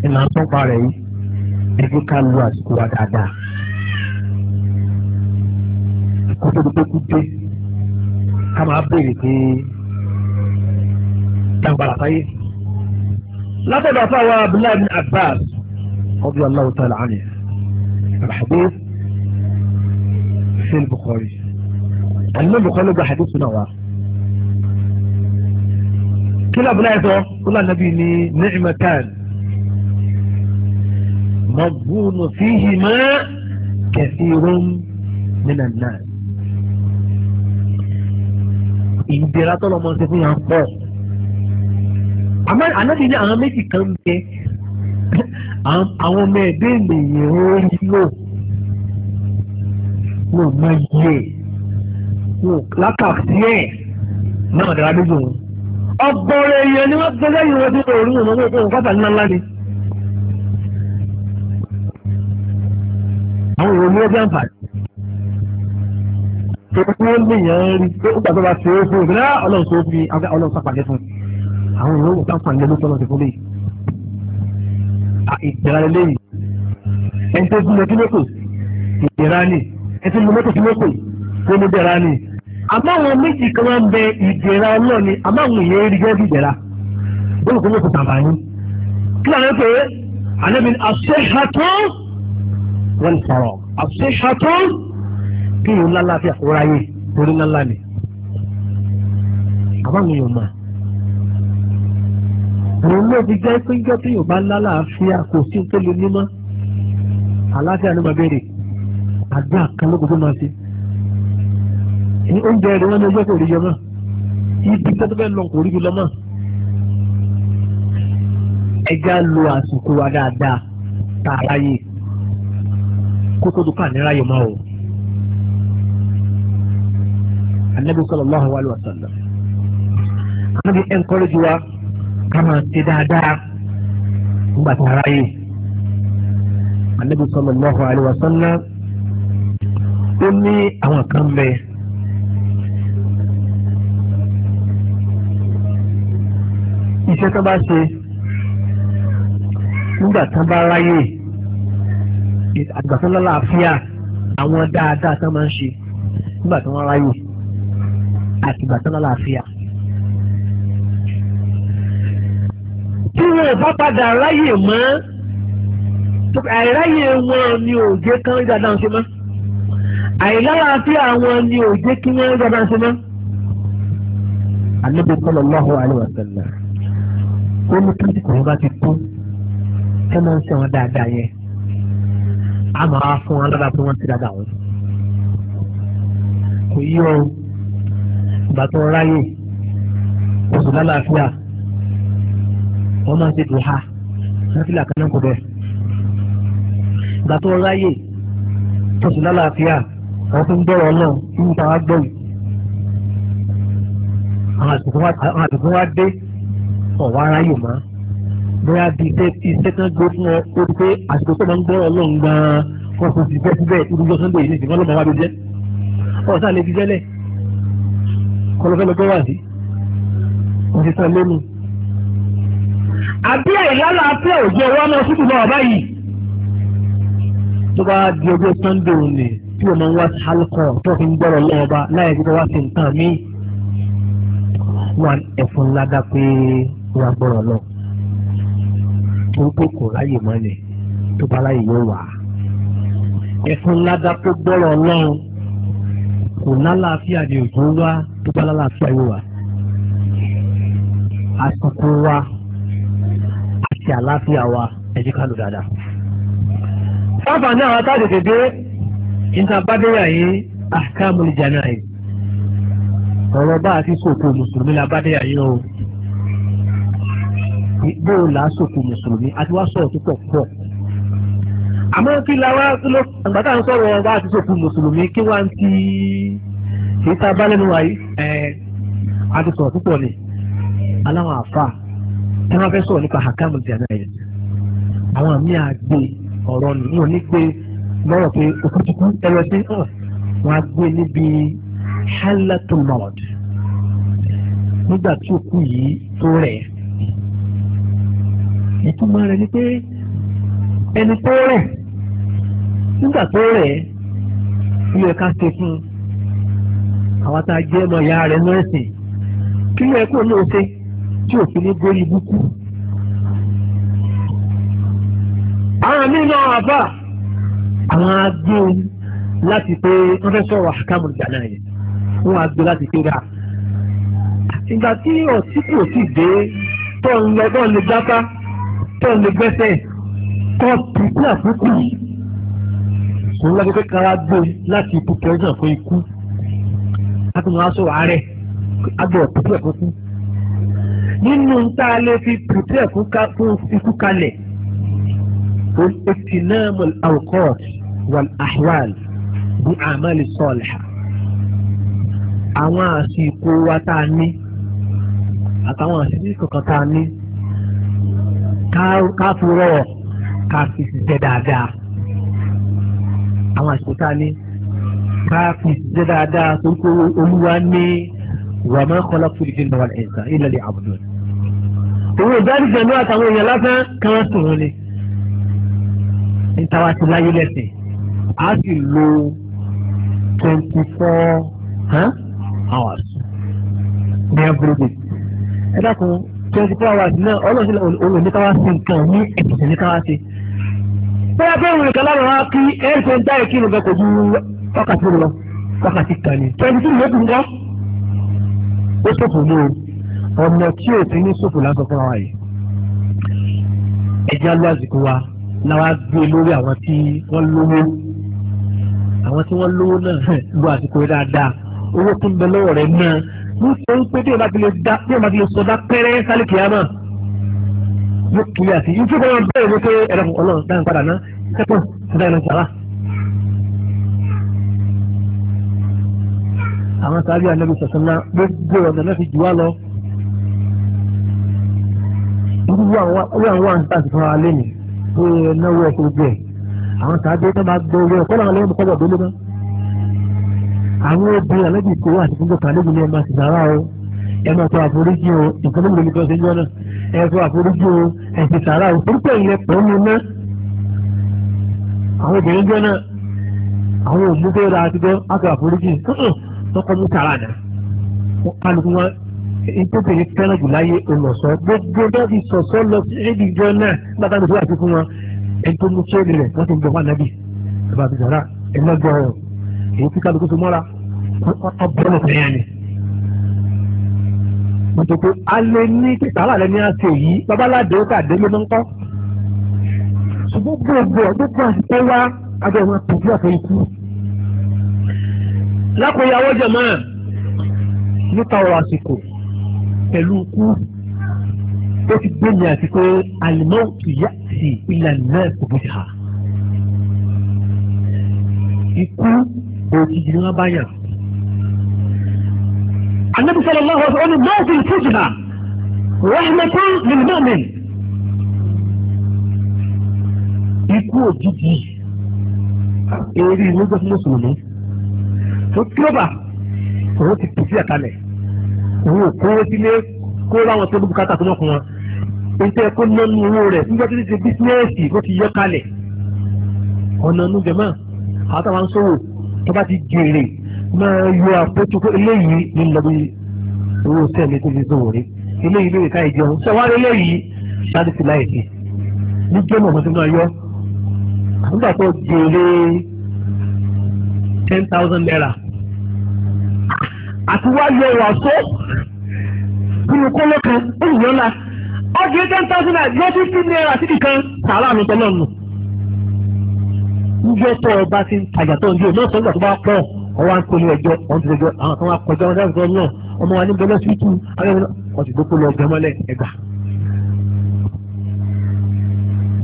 ìlànà àtọ́pa rẹ̀ yìí ẹgbẹ́ ká lu àsìkò wa dáadáa. kó tó di pé kú dé ká máa béèrè pé dàgbàlá fáyé. látọ̀dọ̀ fáwọn abdullahi bin abbas ọdún aláwọ̀ tó làánì àbàdé fi bukhari. àlùmọ́ bukhari gba hadith náà wá kí ló abúlé sọ kó lọ nàbí ní ni'matan magbúnù fíhì mọ́ kẹfìrún nínà náà ìdíra tó lọ́mọ ṣe fún yàn pọ̀ àmọ́ ànábì ní àwọn méjì kan ń bẹ àwọn ọmọ ẹ̀dẹ́ ènìyàn ó rí wọn ò mọ wọn ò lákàtí náà dára lójú ọgbọ̀rọ̀ èèyàn ni wọ́n gbé lẹ́yìn wọn nínú orí ìrànlọ́wọ́ ìpín òǹkàtà ńlá ńlá ni. àwọn ìwé ni wọ́n bí àǹfààní. tòun wọ́n lè yàn án rí pé ó gbàgbọ́ bá ṣe é fún òmìnira ọlọ́run tó fi ọlọ́run sàpàdé fún un. àwọn ìwé wò sáǹfààní lórí tọ́lọ́ ti fún mi. ìjìnlá lélẹ́yìn ẹni tó gbúmọ̀ kí ló kù ìjìnlá ni ẹni tó gbúmọ̀ kí ló kù kó ló bẹ̀rẹ̀ ni àmọ́ àwọn méjì kan máa ń bẹ ìdẹ̀ra náà ni àmọ́ àwọn èèyàn rí gẹ́gẹ́ bí ìdẹ̀ra bóyá kò ní kò tàbá ní. kí ló ń pè é ànábi àṣehàtó wọn sọ̀rọ̀ àṣehàtó kí ìhun ńlá láti àkóra yìí torí ńlá ni. àmọ́ àwọn èèyàn máa òun náà ti jẹ́ pé jọ́ tí yorùbá ńlá láàfíà kò sí tó lè àlàáfíà ló máa bẹ̀rẹ̀ àdúrà kan ló kò máa ṣe ní oúnjẹ rẹ̀ wọ́n ní ọjọ́ kò rí yẹn mọ́ ibi tó fẹ́ lọ kò rí bi lọ́mọ́ ẹja lo àsìkò wa dáadáa tá a ráyè kó tó dùkọ́ àní ráyè máa o. anabi sallallahu alayhi wa anabi encourage wa ká máa ṣe dáadáa nígbà tá a ráyè anabi sallallahu alayhi wa ó ní àwọn kan bẹ́ẹ̀. iṣẹ́ tó bá ṣe nígbà tán bá ráyè àgbàtán lálàáfíà àwọn dáadáa tán máa ń ṣe nígbà tán wọ́n ráyè àti ìgbàtán lálàáfíà. tí wọn ò bá padà ráyè mọ́ àìráyè wọn ni òjé kan rí dáadáa ṣe mọ́ àìlálàáfíà wọn ni òjé kí wọ́n rí dáadáa ṣe mọ́. Ànábì sallallahu alaihi wasallam ó ní kíkì kan bá ti tó ẹ máa ń ṣe wọn dáadáa yẹn a máa fún wọn lára pé wọ́n ti dáadáa wọn. kò yí ọ ìgbà tó ráyè oṣù lálàáfíà wọ́n máa ń ṣe dùn ha nàfìlà kan náà kò bẹ́ẹ̀. ìgbà ráyè oṣù lálàáfíà wọ́n tún gbọ́rọ̀ náà nípa wá gbọ́ yìí. àwọn àtùkù wá dé ọ̀wá aráyò mọ́ bóyá bí iṣẹ́ kan gbé fún ọ ó ti pé àsìkò tó máa ń gbọ́rọ̀ lọ́n gan-an wọ́n kò sì bẹ́ẹ̀ síbẹ̀ irúgbọ́ sunday yìí nìkan lọ́mọ wa ló jẹ́ ọ̀sán lè fi jẹ́lẹ̀ kọlọ́fẹ́ lọ́gbọ́ wà sí wọ́n ti tán lónìí. àbí àìlálà àti òjò ọwọ́ ọmọ ṣùkú náà báyìí tó bá di ọjọ́ sunday òní tí wọ́n máa ń wá sálùkọ̀ tó fi ń gbọ́rọ̀ lọ́wọ́ bá láyé gbígbọ́ wá sí nǹkan míì wọ́n ẹ̀fọn ní agbọ́rọ̀ náà tó ń kókò láyè mọ́lẹ̀ tó bá láyè yóò wà á. ẹ̀fọn ládá tó gbọ́rọ̀ náà kò lálàáfíà ní òjò wá tó bá lálàáfíà yóò wà. àsìkò wa àti àlàáfíà wa ẹ jẹ́ ká lò dáadáa. sábà ní àwọn táàtètè dé níta bá dé yà yín àkàmúlì jàǹdà yìí ọ̀rọ̀ bá a ti sòkò mùsùlùmí la bá dé yà pé bóò lásòkò mùsùlùmí àti wá sọ̀rọ̀ tó pọ̀ pọ̀. àmọ́ kí la wá kí ló àgbà tá à ń sọ̀rọ̀ wá àti sòkò mùsùlùmí kí wá ń ti kì í ta bá lẹ́nu wáyé ẹ̀ àti sọ̀rọ̀ púpọ̀ ni aláwọ̀ àfà ẹ máa fẹ́ sọ̀rọ̀ nípa àkàmù ìjànà yẹn àwọn àmì àgbè ọ̀rọ̀ nì wọn ní pé lọ́rọ̀ pé òkútukú ẹlọ sí wọn á gbé níbi halatomod nígbà tí òkú yìí tó rẹ̀ ìtumọ̀ rẹ̀ ni pé ẹni tó rẹ̀ nígbà tó rẹ̀ ló yẹ ká ṣe fún un àwọn tá a jẹ́ ọmọ ìyá rẹ̀ nọ́ọ̀sì kí ló yẹ kó lóun ṣe tí òfin ní gorí ibùkù. àwọn míì náà wà bá àwọn agbó láti pé wọ́n fẹ́ sọ̀rọ̀ àkàmù ìgbàlá yẹn wọ́n agbó láti pé rà. ìgbà tí ọtí kò sì dé tó ń lọ bọ́ọ̀ lè tó lè gbẹ́sẹ̀ kọ́ títí àkókò kò ń lọ kára gbé láti ipò pẹ́ẹ́sàn fún ikú látìmọ̀ aṣọ àárẹ̀ agbọ̀ títí àkókò nínú tá lè fi pìtẹ́ fún ikú kalẹ̀ ìtìnáàmù àwòkọ́ọ̀t wal ahwal bí àmàlì sọ̀lẹ̀ àwọn àsìkò wa tá a ní àtàwọn àsìkò kankan tá a ní ká fi rọ̀ ká fi ṣiṣẹ́ dáadáa àwọn àṣìkò tá a ní ká fi ṣiṣẹ́ dáadáa torí pé olúwa ní wàmọ́ kọ́lá fún ìdílé náà ẹ̀sán ìlẹ̀lẹ̀ àbùdó òun ò dárí jẹ̀lú àtàwọn èèyàn lásán kí wọ́n sùn wọn ni níta wá ti láyé lẹ́sìn á sì lo twenty four hours ní every day ẹ dákun twenty four hours náà ọlọ́sílẹ̀ olùmíkáwá sí nǹkan ní ẹ̀sìn níkáwá sí. bóyá pé òun nìkan lára wa kí air ten dá èkí nìkan kò ju wákàtí lọ wákàtí kan ní. twenty two lókun gan ó ṣòfò ní o ọ̀nà tí ò ti ní ṣòfò lásán fún wa yìí. ẹja ló àsìkò wa làwa gbé lórí àwọn tí wọ́n lówó àwọn tí wọ́n lówó náà lu àsìkò dáadáa owó tó ń bẹ lọ́wọ́ rẹ̀ náà wọ́n sọ wípé bí ọba ti lè da bí ọba ti lè sọdá pẹ́rẹ́ sálẹ̀ kìámà yóò kiri àti yìí fún ọmọ bẹ́ẹ̀ wípé ẹ̀rọ ọlọ́run dáhùn padà ná sẹ́pọ̀ sọ́dá ẹ̀rọ sàrà. àwọn sáré ànábi sọ̀sán náà gbogbo ọ̀nà náà fi jù wá lọ. irú àwọn wà ń tà sí fúnra lẹ́nu pé náwó ẹ̀kọ́ gbẹ̀ àwọn sáré tó bá gbọ́ owó ẹ̀kọ́ làwọn lẹ́yìn mọ́kọ́ àwọn obìnrin alábì kó wà síbi kan níbi ní ẹ̀ma sàrà o ẹ̀ma tó àforíjì o nǹkan tó ń lòlù tọ́sí yọ náà ẹ̀ tó àforíjì o ẹ̀ ti sàrà o púpọ̀ ìyẹn pọ̀ ní iná àwọn obìnrin jọ náà àwọn òmù tó ra àtijọ́ àti àforíjì tọkọ mú sàrà náà kálukú wọn ìtòkèrè fẹ́ràn jù láyé olùsọ gbogbo dábì sọ̀sọ́ lọ sí ẹ̀dì ìjọ náà bàbá mi tó àti fún wọn ẹni tó mú sóòlì rẹ̀ wọ́n ti ń jọ wọn nàbì bàbá mi sàrà ẹ̀ lọ́gbọ̀ọ́ bò tí kálukú fi mọ́ra ọbọ̀n ọ̀fẹ́ yẹn ni. wọ́n ti pé alẹ́ ní tààrà alẹ́ ní àṣẹ yìí babaláde ó tà délé ló ń kọ́. ṣùgbọ́n gbogbo ọdún kan àti pé wá abẹ́ wọn tó bí ọ̀fẹ́ ikú. lápòyàwó jẹ̀mọ́ nípa ọ̀rọ̀ àsìkò pẹ̀lú ikú ó ti gbé ní àti pé àlùmọ́ ìyá sí ìlànà ìbùdó ìhà. ikú òjijì ni wọ́n bá yàn. Ànábì sallallahu alaihi wasallam máa fi ìfújìnà rahmatun lil mu'min. Ikú òjijì eré inú gbé fún mùsùlùmí. Tó kílọ̀bà òun ti pèsè àkàlẹ̀. Òun ò kówó sílé kó láwọn tó bùkátà tó mọ̀kùn wọn. Ètò ẹ̀kọ́ nínú owó rẹ̀ nígbà tó ti bísíǹnẹ́sì ló ti yọ kalẹ̀. Ọ̀nà nu jẹ̀mọ́ àtàwọn sọ̀rọ̀ tó bá ti jèrè máa yọ àpótí pé eléyìí ní lọ́bí owó sẹ́ẹ̀lì tó fi sòwò rí eléyìí lóye ká ìjọ ṣe wá eléyìí ṣáàdì sí láì sí ní jẹ́mọ̀ ọ̀sán tó máa yọ nígbà tó jèrè ten thousand naira àti wá yọ wàásù nínú kóló kan ó yọ ọ́ la ọ̀gẹ̀ ten thousand naira yọ fifty naira síbi kan sàrà àmì tọ́lọ́nù níjọ́ tó o bá ti ń tajà tó ń di òun náà sọ́gbà tó bá pọ̀ ọwọ́ à ń pèlú ẹjọ́ ọ̀hún ti lẹ́jọ́ àwọn kan wá kọjá wọn sáà sọ́ọ́ náà ọmọ wa ní bẹ́lẹ́ síìtù àwọn ọ̀sìn tó kó lọ ọgbẹ́ mọ́lẹ̀ ẹgbà.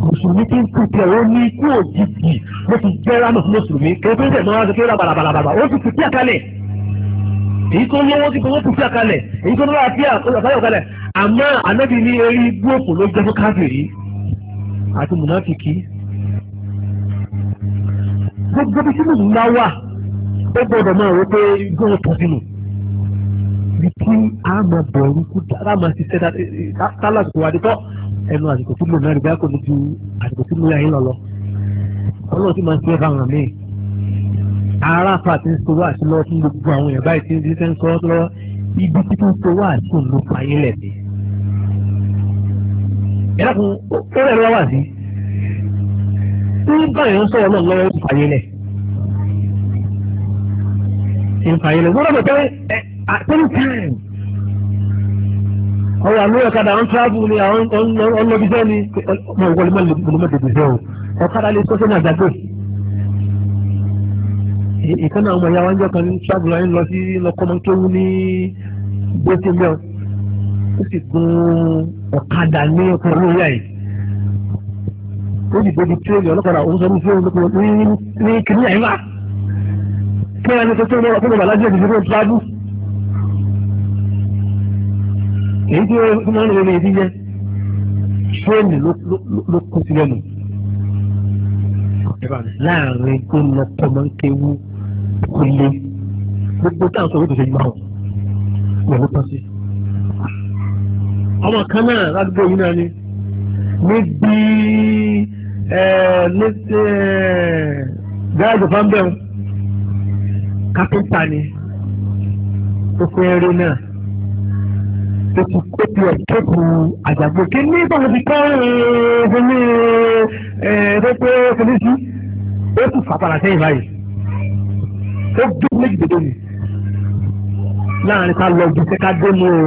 mùsùlùmí ti ń kú tiẹ̀ ó ní ikú òjijì ló ti jẹ́ rámọ̀ fún mùsùlùmí kéwọ́n tẹ̀ máa ń sọ kéwọ́n bàlàbàlàbà ó ti kùtì àkálẹ̀ èyí tó lówó ti fowó kùtì àkálẹ̀ èyí tó lówó àti àkọ́yọ̀ àkálẹ̀ àmọ́ ànábì ní eré igbó òkú ló jẹ́ fún káfíìrì àti mùnáfìkì gbogbo bí sínú ìlú náà wà ó gbọ́dọ̀ máa wọ pé gbọ́n ó tọ́jú nù. ibi tí a máa bẹ̀rù kú dára máa ṣiṣẹ́ tálàsìkò adétọ́ ẹnu àsìkò tí mo náà rí báyà kò ní ju àsìkò tí mo yà yín lọ lọ. ọlọ́run ti máa ń ṣe é fáwọn míì ara pàtí ń sọwọ́ àti lọ́wọ́ fún gbogbo àwọn èèyàn báyìí tí ń ṣiṣẹ́ ń sọ ọ́ lọ́wọ́ ibi tí tó ń sọwọ́ àti òun ló fà yín lẹ̀ sí. ẹ dákun ó rẹ̀ tí báyìí ń sọ̀rọ̀ náà lọ́wọ́ ìfàyè lẹ̀. ìfàyè lẹ̀ wọ́n rọ̀ pé at any time ọ̀rọ̀ àmì ọ̀kadà ń travel ni àwọn ọlọ́bíṣẹ́ ni ọmọ ìwọlé mọ́lẹ́dẹ̀dẹ̀ṣẹ́ o ọ̀kadà lè sọ́sẹ́ ní àdàgbé. ìkànnì àwọn ọmọ ìyá wa ń jẹ́ kan ní travel ayé lọ sí lọ́kọ́mọ́kéwú ní gbẹ́sẹ̀ mẹ́ọ̀ ó sì gun ọ̀kadà ní ọkùnrin olóyà yìí ó sì débi tírélì ọlọ́kadà òun sọ ní fún òun lókun ní ní kìnìún ẹ̀yìn wá kí wọ́n ní tó lọ́wọ́ kókò bàlájẹ́ ìdíje fún tíwájú. èyí tí wọ́n máa ń lò ní ìdíje tírélì ló kó sí lẹ́nu láàrin tó lọ tọmọ ń kéwú kó lé gbogbo táwọn sọ̀rọ̀ tó ṣe gbà wọ́n pẹ̀lú pọ́sí. ọmọ kan náà ládùúgbò yìí náà ni níbi lẹ́sẹ̀ gáàjì fáńbẹ́ọ̀ kápẹ́ńtà ni ó fẹ́ eré náà ó ti kópi ọ̀tọ́pù àjàgbó kí ní báwo ti kọ́ ẹ̀ẹ́dẹ́gbẹ́ ẹ̀ẹ́dẹ́gbẹ́ fẹ́lẹ́sì ó sì fàpàrà sẹ́yìn báyìí ó dé méjì dédé ni láàrin ká lọ gbèsè ká dé mú o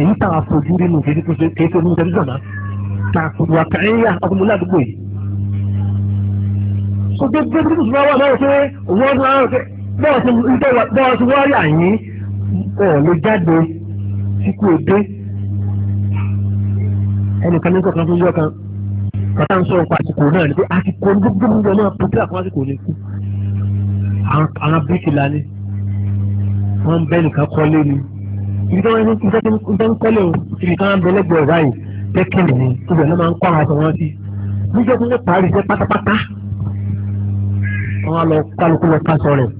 èyí tàwa fojú rí nù kí kò ṣe kí kò ní ìtẹ́lẹ́sì náà wàkàíyà ọkùnrin àdúgbò yìí. kò tó tó tó tó wà náà pé wọ́n náà bọ́ọ̀ ti wá yà yín ọ̀ lè jáde tí kò dé. ẹnìkan ní kọ̀ọ̀kan tó yọ kan kọ̀ọ̀tà ń sọ̀rọ̀ pa àsìkò náà ni pé àsìkò ní gbogbo gbogbo náà pété àkọ́kọ́ àsìkò ní kú. àwọn bíríkì la ní wọ́n ń bẹ́ nìkan kọ́lé ni ibi tí wọ́n ń kọ́lé o ibi tí wọ́n ń bẹ lẹ́gbẹ̀ẹ́ báyìí bẹ́kẹ̀lì ni ibẹ̀ ló máa ń kọ́ àwọn aṣọ wọn sí níjọ́ tó ń parí iṣẹ́ pátápátá wọn á lọ kálukú lọ kásọ rẹ̀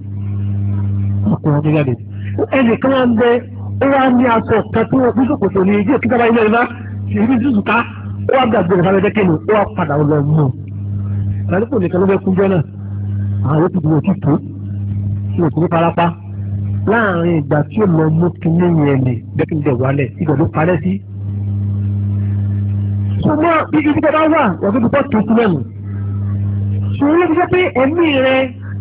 ọkùnrin tó jáde ẹnì kan wá ń bẹ ó wá ní aṣọ kan tí wọn bísí kòtò ní ìdí òkúta báyìí lẹ́yìn bá ìrírí zùzù ká ó wá gbàgbé ìfàlẹ́ bẹ́kẹ̀lì ó wá padà lọ mú un ìdádúgbò nìkan ló fẹ́ kúnjọ́ náà àwọn ètò ṣùgbọ́n ibi tí bá wà wọ́n fi bọ́ tuntun lẹ́nu. ṣùgbọ́n ló fi jẹ́ pé ẹ̀mí rẹ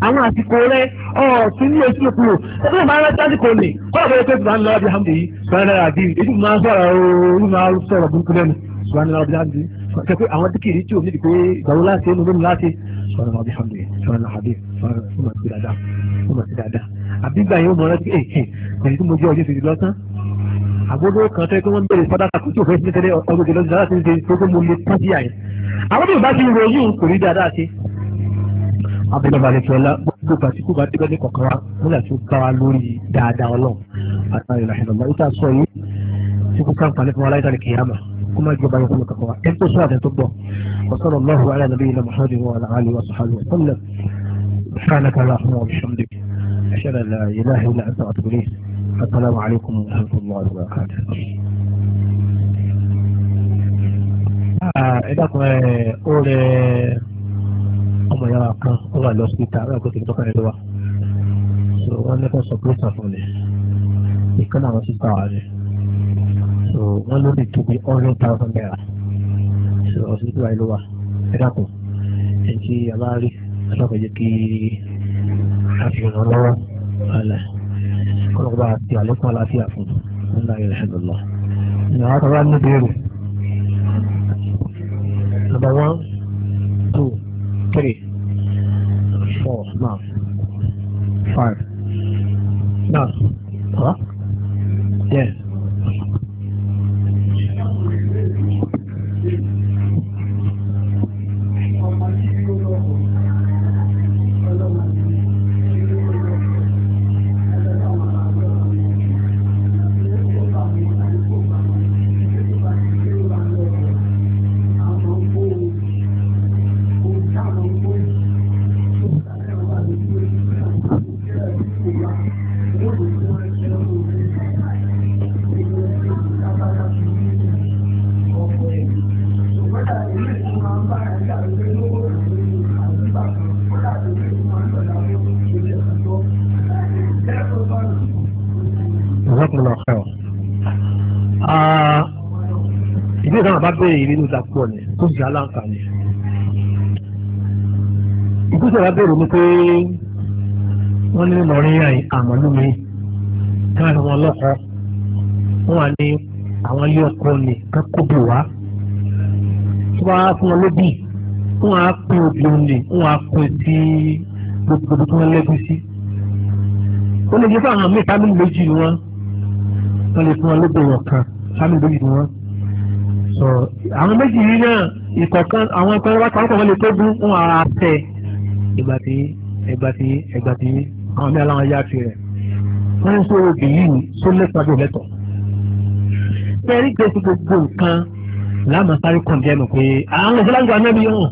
àwọn àsìkò rẹ ọ̀ọ́tún ní oṣù lòkulò ẹgbẹ́ máa ń rántí àsìkò nì kọ́ ọ̀bẹ ẹgbẹ́ máa ń lọ́wọ́ bí hàmì yìí sọ̀rọ̀ àbí èyí máa ń sọ̀rọ̀ ooo máa ń sọ̀rọ̀ burúkú lẹ́nu sọ̀rọ̀ àbí hàmì yìí sọ̀rọ̀ pé àwọn díkìrì tí omi dìgbò ìgbàwó láti ẹnu lómi láti sọ̀rọ̀ àbí hàmì yìí sọ̀rọ̀ àbí sọ̀rọ̀ fún màsí àbódó kan tẹ́ pé wọ́n bèrè sàdákà kó tó fẹ́ sí tẹ́lẹ̀ ọgbẹ̀gbẹ̀ lọ́sí dáadáa ti ń ṣe tó mú mi tán sí àyè àwọn bí ìbá ti ń ròyìn kò rí dáadáa ṣe. abẹ́lẹ́ balẹ̀ fi ọlá gbogbo pàtíkù bá débẹ̀ ní kọ̀ọ̀kan wa nígbà tó bá wa lórí dáadáa ọlọ́run àtàrí ìlànà ìta sọ yìí tí kò sáǹfà ní fún wa láìka ní الله على نبينا محمد وعلى اله وصحبه وسلم سبحانك اللهم وبحمدك اشهد ان لا اله الا انت اتوب اليك السلام عليكم ورحمة الله وبركاته ẹ dákun ẹ ó rẹ ọmọ yàrá kan ó wà lọ́sítà ó yà kó tèmi tọ́ka ẹ lọ́wọ́ so wọ́n ní kó sọ pé sàfún ni ìkan àwọn sísá wà ni so wọ́n ló lè tó bí ọ̀rẹ́ thousand naira so ọ̀sítà ẹ lọ́wọ́ ẹ dákun ti àbá rí ẹ kí a fi ràn lọ́wọ́ ọ̀la kọ́lọ́kọ́ bá ti àlékún aláfíà fún un ní alhamdulillah. ìyàwó àtàwọn ní ìbéèrè number one two three four now five now huh? yeah. jẹ́ aláǹfààní. ìgbésẹ̀ wa bẹ̀rù ni pé wọ́n ní lọ́rin àmọ́lúmi tí wọ́n fi wọn lọ́kọ́ wọ́n wà ní àwọn ilé ọkọ ní kákóbì wá tí wọ́n á fún wọn lóbì wọ́n á pín obì òun ní wọ́n á pín sí gbogbo tí wọ́n lẹ́gùn sí. ó lè jẹ́ fún àwọn mí fámìlì méjì ni wọ́n wọ́n lè fún wọn lóbì wọn kan fámìlì méjì ni wọ́n sọ̀rọ̀ àwọn méjì yìí náà ìkọ̀kan àwọn ẹ̀kọ́ ẹ̀rọ kan kọ̀ọ̀kan lè tó dún fún ara tẹ̀ ìgbà tí ìgbà tí ìgbà tí àwọn mẹ́rin aláwọ̀ yá tirẹ̀ wọ́n ń sọ̀rọ̀ bìyìn tó lẹ́sàgbọ̀ lẹ́tọ̀ fẹ́rí gbèsè gbogbo nǹkan láàmú sáré kàn jẹ́nu pé àwọn ìfọlágbà náà bí hàn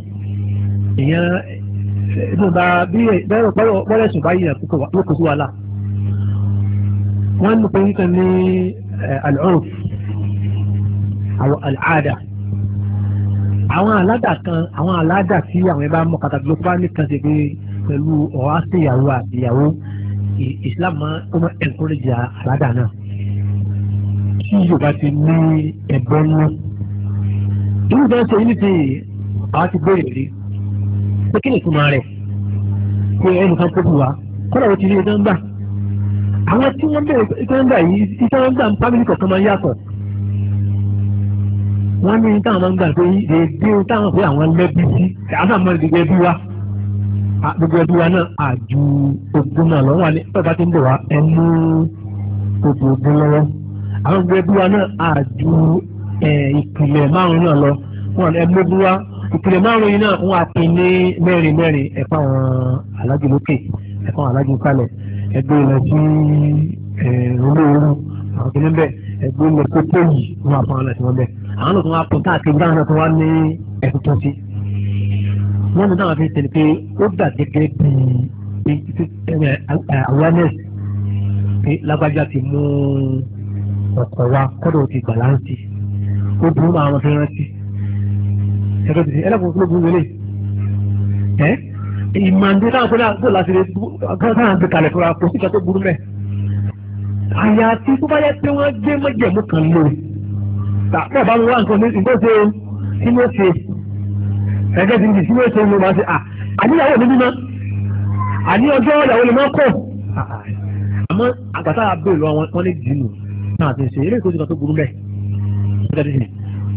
ìyẹn ẹ̀dùn bá bí bẹ́ẹ̀ bọ́lẹ̀ sùn bá yìí àkókò lókòó sí wàhálà wọ́n ń pè ní alọ́ọ̀fù àwọn àlàáda àwọn àlàáda kan àwọn àlàáda tí àwọn ẹ bá mọ kàtàkì ló fún wa ní kan ṣe pé pẹ̀lú ọ̀há sí ìyàwó àtìyàwó Islam ó máa encourage àlàáda náà tí Yorùbá ti ní ẹ̀bọ́n náà irú bẹ́ẹ̀ ṣe yín ti àwa ti béèrè rí pé kí ni ìtumọ̀ rẹ̀ pé ẹnìkan tó bù wá kọ́dà wọ́n ti rí ẹ̀dá ń gbà àwọn tí wọ́n bẹ̀rẹ̀ ìtàn ń gbà yìí ìtàn ń gbà ń pàmìlì kọ̀ọ̀kan máa yàtọ̀ wọ́n ní táwọn máa ń gbà pé èdè táwọn pé àwọn lẹ́bí sí àtàwọn gbogbo ẹbí wa gbogbo ẹbí wa náà àjù ogun náà lọ́wọ́ wa ní ọ̀gá tí ń bọ̀ wá ẹnu gbogbo ogun lọ́wọ́ àwọn gbogbo ẹbí wa náà àjù ìpìlẹ̀ márùn náà lọ wọn ẹnu ogun wa ìpìlẹ̀ márùn yìí náà wọn àpè ní mẹ́rin mẹ́rin ẹ̀fọ́ àwọn alájò lókè ẹ̀fọ́ àwọn alájò kálẹ̀ ẹgbẹ́ lọ sí olóoru àwọn kìnnìún bẹ́ẹ̀ ẹgbẹ́ lọ sí tóyì wọn àpọ̀ àwọn àti wọn bẹ́ẹ̀ àwọn náà tún wá pọ̀ káàkiri báwọn náà tún wá ní ẹ̀sùn tó sí. wọ́n ní náà fi tẹ̀lé pé ó gbà gẹ́gẹ́ bíi awareness pé lágbájá ti mú ọ̀pọ̀ wa kọ́dọ̀ ti gbàláǹsì ó burú máa wọn fi rántí. ẹ̀rọ ti sè ẹlẹ́kùn tó burú wọlé ẹ̀ ìmọ̀ǹdé náà fúnra tó láti lè gbọ́dọ̀ àgbẹ̀ kalẹ̀ fúnra kò sí tó burú mẹ́. àyàfi tó bá pé wọ́n gbé mọ́jẹ̀mú kan lórí tàpẹ́ bá mi wá nǹkan ní ìgbésẹ̀ tí mo ṣe ẹgbẹ́ ti di tí mo ṣe mo máa ṣe à àníyàwó mi bímọ àní ọjọ́ ìyàwó lè máa kọ̀ àmọ́ àgbàtà àbẹ̀lọ àwọn wọn lè dì nù náà ti ṣe eré ìkóṣù kan tó burú bẹ́ẹ̀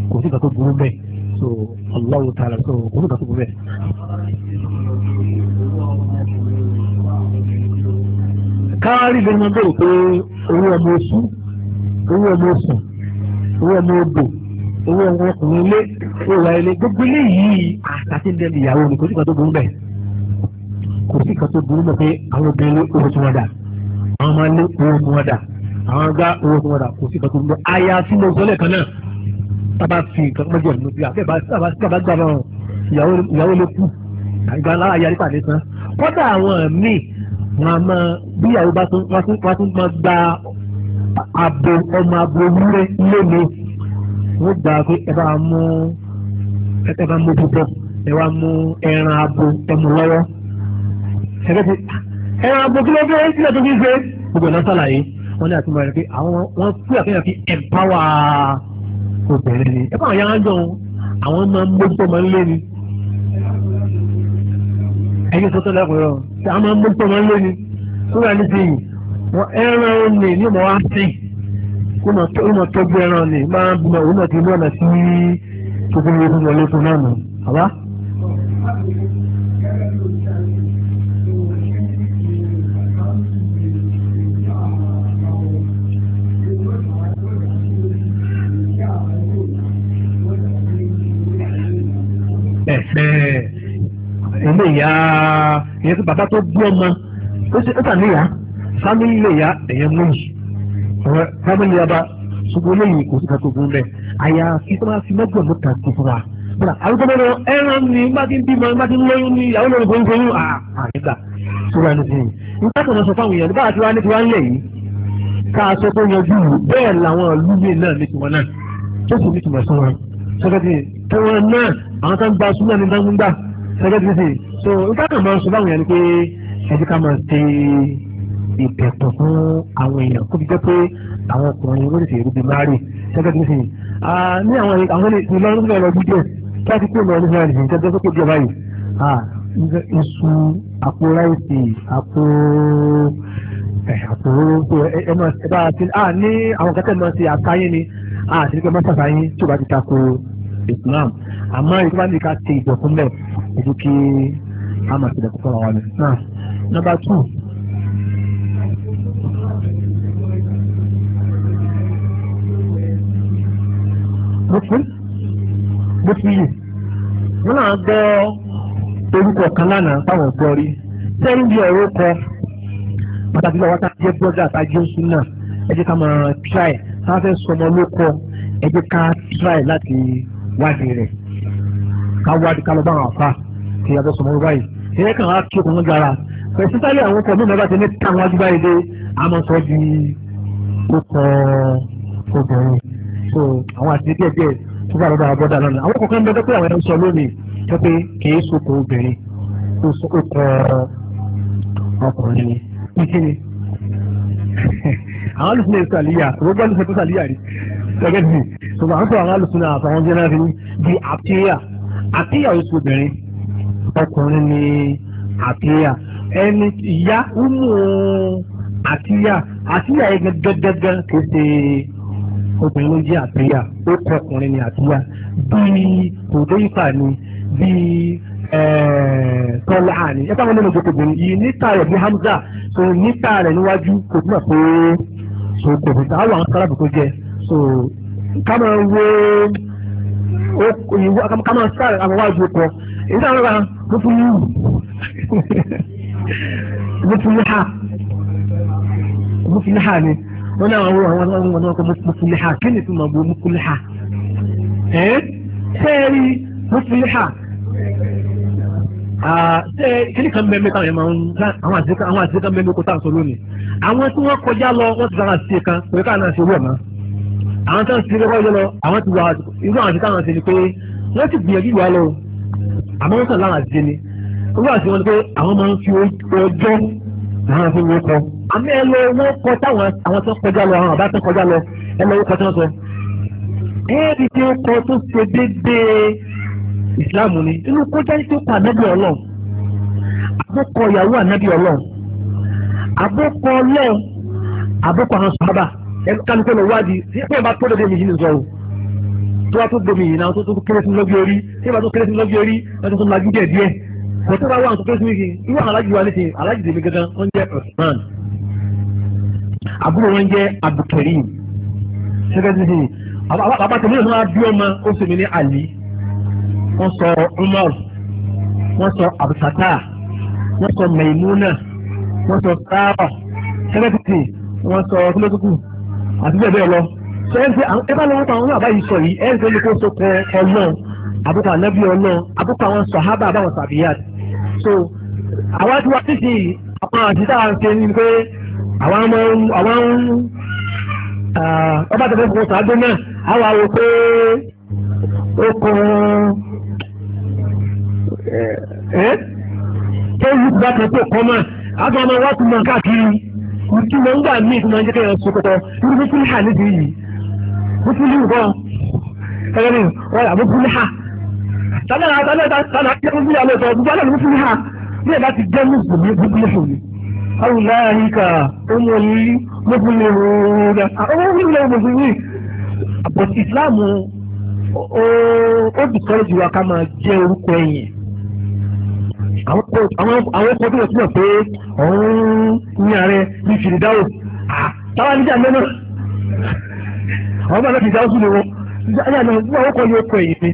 kò sí kan tó burú bẹ́ẹ̀ so Allah ta'ala so kò sí kan tó burú bẹ́ẹ̀. káárí lè máa bẹ̀rù pé owó ọmọ oṣù owó ọmọ oṣù owó ọmọ odò owó ọmọ ọkùnrin ilé owó ìwà ilé gbogbo ilé yìí àtàtì ndẹ́bi ìyàwó ni kò sí kan tó burú bẹ̀ kò sí kan tó burú bẹ̀ pé àwọn obìnrin owó tí wọ́n dà àwọn ọmọ ilé owó tí wọ́n dà àwọn ọgá owó tí wọ́n dà kò sí kan tó burú bẹ̀ aya tí mo sọ lẹ́ẹ̀kan náà tábà fi nǹkan mọ́jọ ìlú bí abẹ́ bá tábà ìyàwó ló kù àgbà lára yarí pàdé tán kọ́dà àwọn míì wọn máa bí ìyàwó bá tún máa gba abo ọmọ abo wúrẹ́ lé mi wọ́n gbà pé ẹ bá mú ẹ bá mú bíbọ̀ ẹ wá mú ẹran abo ẹmu lọ́wọ́ ẹran abo kí ló dé sílẹ̀ tó fi ṣe gbogbo ẹ̀ náà sàlàyé wọ́n ní àtúmọ̀ rẹ̀ pé àwọn wọ́n fún àfihàn fi empower obìnrin ni ẹ bá wọn yára jọ àwọn máa ń mójútó máa ń lé ni ẹyin sọ́tọ̀ lẹ́kọ̀ọ́ yọ àwọn máa ń mójútó máa ń lé ni wúrà ní ti yìí wọn ẹran olè ní ọmọ wa sìn kó mọ tọ́jú ẹran olè máa bímọ òun náà ti mú ọ̀nà sí gbogbo ogun wọlé fún náà nù àbá. ẹ̀fẹ́ ilé ìyá ìyẹn tó bàbá tó bí ọmọ ó sì ó sà níyà fámìlì lè ya ẹ̀yẹn mú yìí ọ̀rẹ́ fámìlì yaba ṣùgbọ́n lẹ́yìn kò sí ká gbogbo rẹ̀ àyà fífúnra fi mẹ́gbọ̀n mẹ́ta ti fúnra fúnra àwùjọ mẹ́rin ẹran ni bá ti ń bímọ bá ti ń lóyún ní ìyàwó lórí gbóngbóyún àyíká fúnra ní fún un nígbà tó ń sọ fáwọn èèyàn nígbà tí wọ́n á ní tiwọn lẹ̀ yìí ká aṣọ tó yanjú bẹ́ẹ̀ làwọn lúwẹ̀ náà ní tiwọn náà tó sì ní tiwọn sọ wọn sọgẹ́tì tiwọn náà àwọn tó ń gba súnmọ́ ní dáńgbà sọgẹ́tì sì so nígbà tó ń sọ fáwọn èèyàn ni pé ẹ̀dí ká máa ìbẹ̀kùn fún àwọn èèyàn kó fi jẹ́ pé àwọn ọkùnrin ló lè ṣe ìrúbi márì gẹ́gẹ́ bí sìn ní àwọn àwọn ilé ìlọrin lọ́rọ̀ ọdún díẹ̀ kí a ti kó ìlọrin fún àìsàn ìjọba sókè díẹ̀ báyìí iṣu àpò ráìsì àpò àpò ẹ máa ṣe bá a ti ní àwọn kẹtẹ máa ṣe àtayé ni àti nípa máa ṣàṣàyé tí ó bá ti tako Islam àmọ́ èyí tó bá ní ká ṣe ìjọkúnlẹ̀ ojú kí a máa ṣe ìdẹ̀kùn fún àwọn ọmọ náà. rúkún bó ti yù wọn náà gbọ́ orúkọ kan lánàá táwọn gbọ́ rí sẹ́yìn bí ọ̀rọ̀ kọ pàtàkì lọ́wọ́ tá a jẹ́ bọ́dà tá a jẹ́ oṣù náà ẹ jẹ́ ká máa try ká fẹ́ sọmọ lóko ẹ jẹ́ ká try láti wádìí rẹ̀ ká wádìí ká lọ bá àwọn àfa kí a fẹ́ sọmọ lóko báyìí ẹ̀yẹ́ kàn á kí okùn gara pẹ̀sítálì àwọn ọkọ̀ mímọ́ bá ti ní táwọn ajúbáyé dé a máa sọ di okọ̀ obìnrin so àwọn àti díẹ̀ díẹ̀ tó bá lọ́dọ̀ àbọ̀dà lọ́nà àwọn kọ̀ọ̀kan bẹ́ẹ̀ pé àwọn ẹni sọ lónìí tó pé kìí sokò obìnrin tó sokò ọkùnrin ni kíkiri àwọn alùpùpù lè sàlíyà rọ́bà lè sọ sàlíyà rí gẹ́gẹ́ bí so àwọn sọ àwọn alùpùpù náà àtàwọn jẹ́ náà rí di àpéyà àpéyà oṣù obìnrin ọkùnrin ni àpéyà ẹni ìyá umu àtìyà àtìyà yẹn gẹ́gẹ́gẹ́gẹ́ kò obìnrin ló jẹ́ àtẹ́yà ó kọ ọkùnrin ní àtẹ́yà bíi kòdéyìfà ni bíi tọ́lá ni ẹ táwọn olóòjò kò bìnrin yìí níta rẹ̀ ní Hamza so níta rẹ̀ níwájú kò túmọ̀ pé so kò bìtà àwọn àwọn sálábù tó jẹ so ká máa wo ká máa sáré àwọn wájú kọ èyí táwọn ọ̀rọ̀ ló fún yìí ló fún yìí ha ló fún yìí ha ni wọ́n ní àwọn àwọn àwọn àwọn ọkọ̀ mùsùlùmí kí ni tí mo bu mùsùlùmí ẹ̀ sẹ́ẹ̀rì mùsùlùmí kí ni kan bẹ́ẹ̀ mẹ́ta yẹn máa ń gbá àwọn àṣekà àwọn àṣekà bẹ́ẹ̀ mẹ́kọ tá à ń sọ lónìí àwọn tí wọ́n kọjá lọ wọ́n ti sára ṣe kan pẹ̀lú káà náà ṣe wọ̀ mọ́ àwọn tí wọ́n ti ṣe kọjá lọ àwọn ti wà irú àwọn àṣekà náà ṣe ni pé wọ́n ti gbìyànjú ìwà lọ àmọ́ wọ́n sàn láwọn àṣe ni irú àṣe wọn ni pé àwọn máa ń fi ọjọ́ àmì ẹ lọ owó kọ táwọn àwọn tó kọjá lọ àwọn àbá tó kọjá lọ ẹ lọ owó kọ tí wọ́n sọ. ẹ̀ẹ́dì tí ó kọ tó ṣe déédéé ìsìláàmù ni inú kọjá tó kọ ànábì ọlọ́run àbókọ ìyàwó ànábì ọlọ́run àbókọ ọlọ́run àbókọ àwọn sọ́ábà ẹ kálukọ́ lọ wádìí tí ẹ bá tó dédé mi yìí nìjọ o tó wá tó gbomi yìí náà tó tó kéré sí lọ́gbí orí tí ẹ bá tó kéré sí lọ́gbí orí ẹ tó tó lajú díẹ̀ díẹ̀ kò tó bá wà nǹkan kéré sí mi yìí irú àwọn alájú wa ní ti alájú tèmi gangan wọ́n jẹ́ ọ̀sán àbúrò wọn jẹ́ abdulkareem ṣẹ́gẹ́dì hìn àbátẹ̀mí ìlú adé ọmọ ó sì mí ní ali wọ́n sọ umar wọ́n sọ abdulsata wọ́n sọ maimuna wọ́n sọ sara ṣẹ́gẹ́dì wọ́n sọ kílódókù àti bẹ́ẹ̀ bẹ́ẹ̀ lọ sẹ́ńtì ẹ bá lọ́wọ́ táwọn àbá yìí sọ yìí ẹ̀ ń sọ ní kó so kọ ọlọ́run àbúkọ ànábì ọlọ́run àbúkọ àwọn sọ̀hábà àbáwọn sàbíyàt so àwa ti wá títí àwọn àtìsá à ń ṣe ni pé àwọn àwọn ọba tó fẹ́ fọwọ́ sàádó awa àwọn àwọn pé ó kàn ẹ́ tó yí ti bá kan tó kọ́ mọ́ àgbà máa wá tún mọ́ káàkiri ìtumọ̀ ńgbà míì tó máa ń jẹ́ kéèyàn sokòtò irú bí fúlíhà níbi yìí fúlíhù bọ́ ẹ̀rọ ni wọ́n yà fúlíhà àwùláyíká ọmọ yìí mọ́kúnlẹ̀ rọ̀rọ̀ àwọn orílẹ̀ mùsùlùmí àpọ̀ ìsìláàmù ó dùkọ́rọ̀ jù wá ká máa jẹ́ orúkọ ẹ̀yìn àwọn ọkọ̀ tó wọ̀ sílẹ̀ pé ọ̀hún ní ààrẹ ní fìdídáwò táwa níjà mẹ́nà àwọn bàbá fìdídáwò sí ni wọn níjà náà wọ́n ní orúkọ ẹ̀yìn ni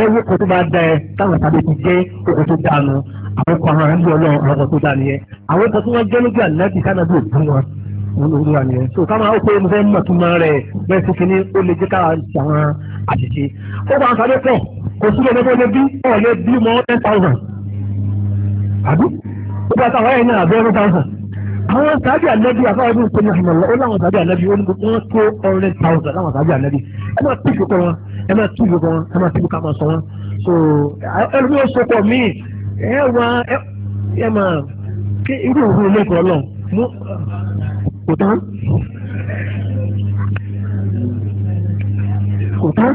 ẹ̀rọ kò tó bá da ẹ táwọn tàbí ti jẹ́ orúkọ tó dáa nù àwọn ọkọ̀ àwọn àmì ọlọ́ àwọn ọkọ̀ tó dá nìyẹn àwọn ọkọ̀ tí wọ́n jẹ́ lójú ànábì kánàbì òbí wọn olúwa nìyẹn so ká máa ó pé mo fẹ́ mọ̀ tún máa rẹ̀ bẹ́ẹ̀ sí kínní ó lè jẹ́ ká àwọn àṣìṣe ó bá ń sáré pọ̀ kò sílẹ̀ lọ́gbọ́n lé bí ọ̀ lé bí mọ́ ten thousand àbí ó bá sáwọn ẹ̀yìn náà bẹ́ẹ̀ thousand àwọn sàbí ànábì àfáwọn ẹbí ìpínlẹ̀ ìmọ̀lá ó láwọn sàbí ànábì ó ní gbogbo wọn tó hundred thousand láwọn sàbí ànábì ẹ máa tú ìfòkọ wọn ẹ máa tú ìfòkọ wọn ẹ máa tú ìfòkọ wọn so ẹlòmíràn sopọ̀ míì ẹ wá ẹ máa kí irú òun ilé ìkọ́ lọ mú kò tán kò tán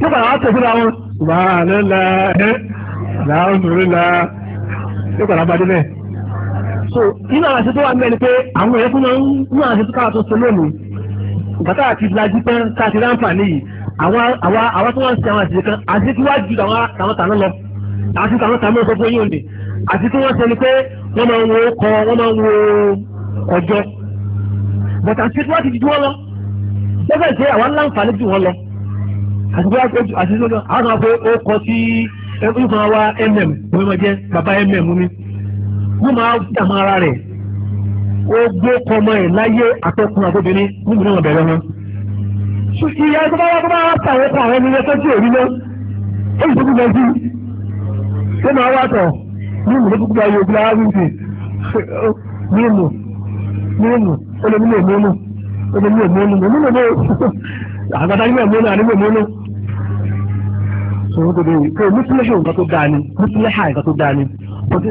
nígbà wàá tẹ̀síra wọn wàá lẹ́la ẹ̀ làá ń rí la nígbà wàá bá dé bẹ́ẹ̀ so nínú àwọn àṣetó wà mẹ́rin pé àwọn èèyàn fún wọn nínú àwọn àṣetó káwọn tó so lónìí bàtà àti ìlàjì tán káàkiri àǹfààní yìí àwọn àwọn àwọn tó wà ń ṣe àwọn àṣetó kan àṣetó wájú àwọn tàná lọ àti tàwọn tàmí ọ̀sọ̀ fún yóò lè àti tí wọ́n sọ ni pé wọ́n máa ń wo kọ wọ́n máa ń wo ọjọ́ but àti tí wọ́n ti ju wọn lọ lọ́fẹ̀ jẹ́ àwọn aláǹfààní ju wọn lọ àti bóyá àti tí wọ́n àwọn àpò ó kọ sí ìfún wa mm wọ́n máa jẹ́ bàbá mm mi wọ́n máa dàmú ara rẹ̀ ó gbé kọmọ ẹ̀ láyé àtọkùn àtọbìnrin níbi náà bẹ̀rẹ̀ wọn. ìyá ẹgbẹ́ bá wà tó bá wà tàwọn kan àwọn ènìyàn tó ti òrí náà ó sì tó kú lọ sí i ó máa wá tọ̀ mímu ló kúkú bá yọ ògùn láwá wíńdì mímu mímu ó lè mímu òmónú ó lè mímu òmónú òmónú ló àgbàdo ayé mẹ́mónú ànímọ̀ òmónú. sọ̀rọ̀ tó dé pé mùsùlùmí nǹkan tó dáa ni mùsùlùmí hà nǹkan tó dáa ni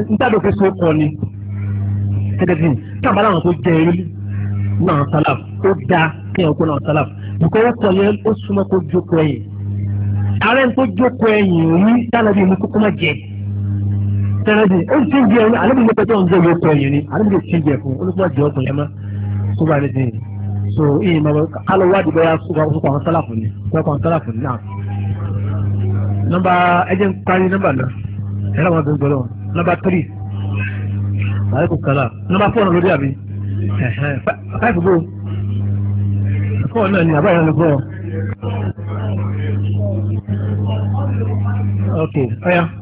nítorí òfin sọ kọ ni gẹ́gẹ́ bí tábàlà àwọn tó jẹ eré náà sálà ó dáa kí ẹ̀kọ́ náà sálà nǹkan ó kọ yẹn ó súnmọ́ kó jókòó ẹ̀yìn ààrẹ tó jókòó ẹ̀yìn rí dáná bíi mú kókó má jẹ tẹ́lẹ̀dì ó sì ń jẹ ẹni àlébù ló pẹ́tọ́ ń jẹ́ ló pẹ́ yìí ni àlébù ló sì ń jẹ fún olùkọ́ jẹ́ ọ̀tún yẹn mọ́ tó bá nídìí yìí so ìyìn máa ká lọ wádìí bẹ́ẹ̀ sọ́kọ̀ sọ́kọ̀ àwọn sálàfù ni sọ́kọ̀ àwọn sálàfù ni náà. nọ́mbà ẹjẹ ń parí nọ́mbà náà ẹ̀rọ àwọn tó ń gbọ́dọ̀ nọ́mbà tírì àlébù kàlà nọ́mbà a lórí àbí fáìfù bò fọ́ọ̀nù náà ni àbáyọ̀ ló fọ́ọ̀ ok ọ̀ya. Oh, yeah.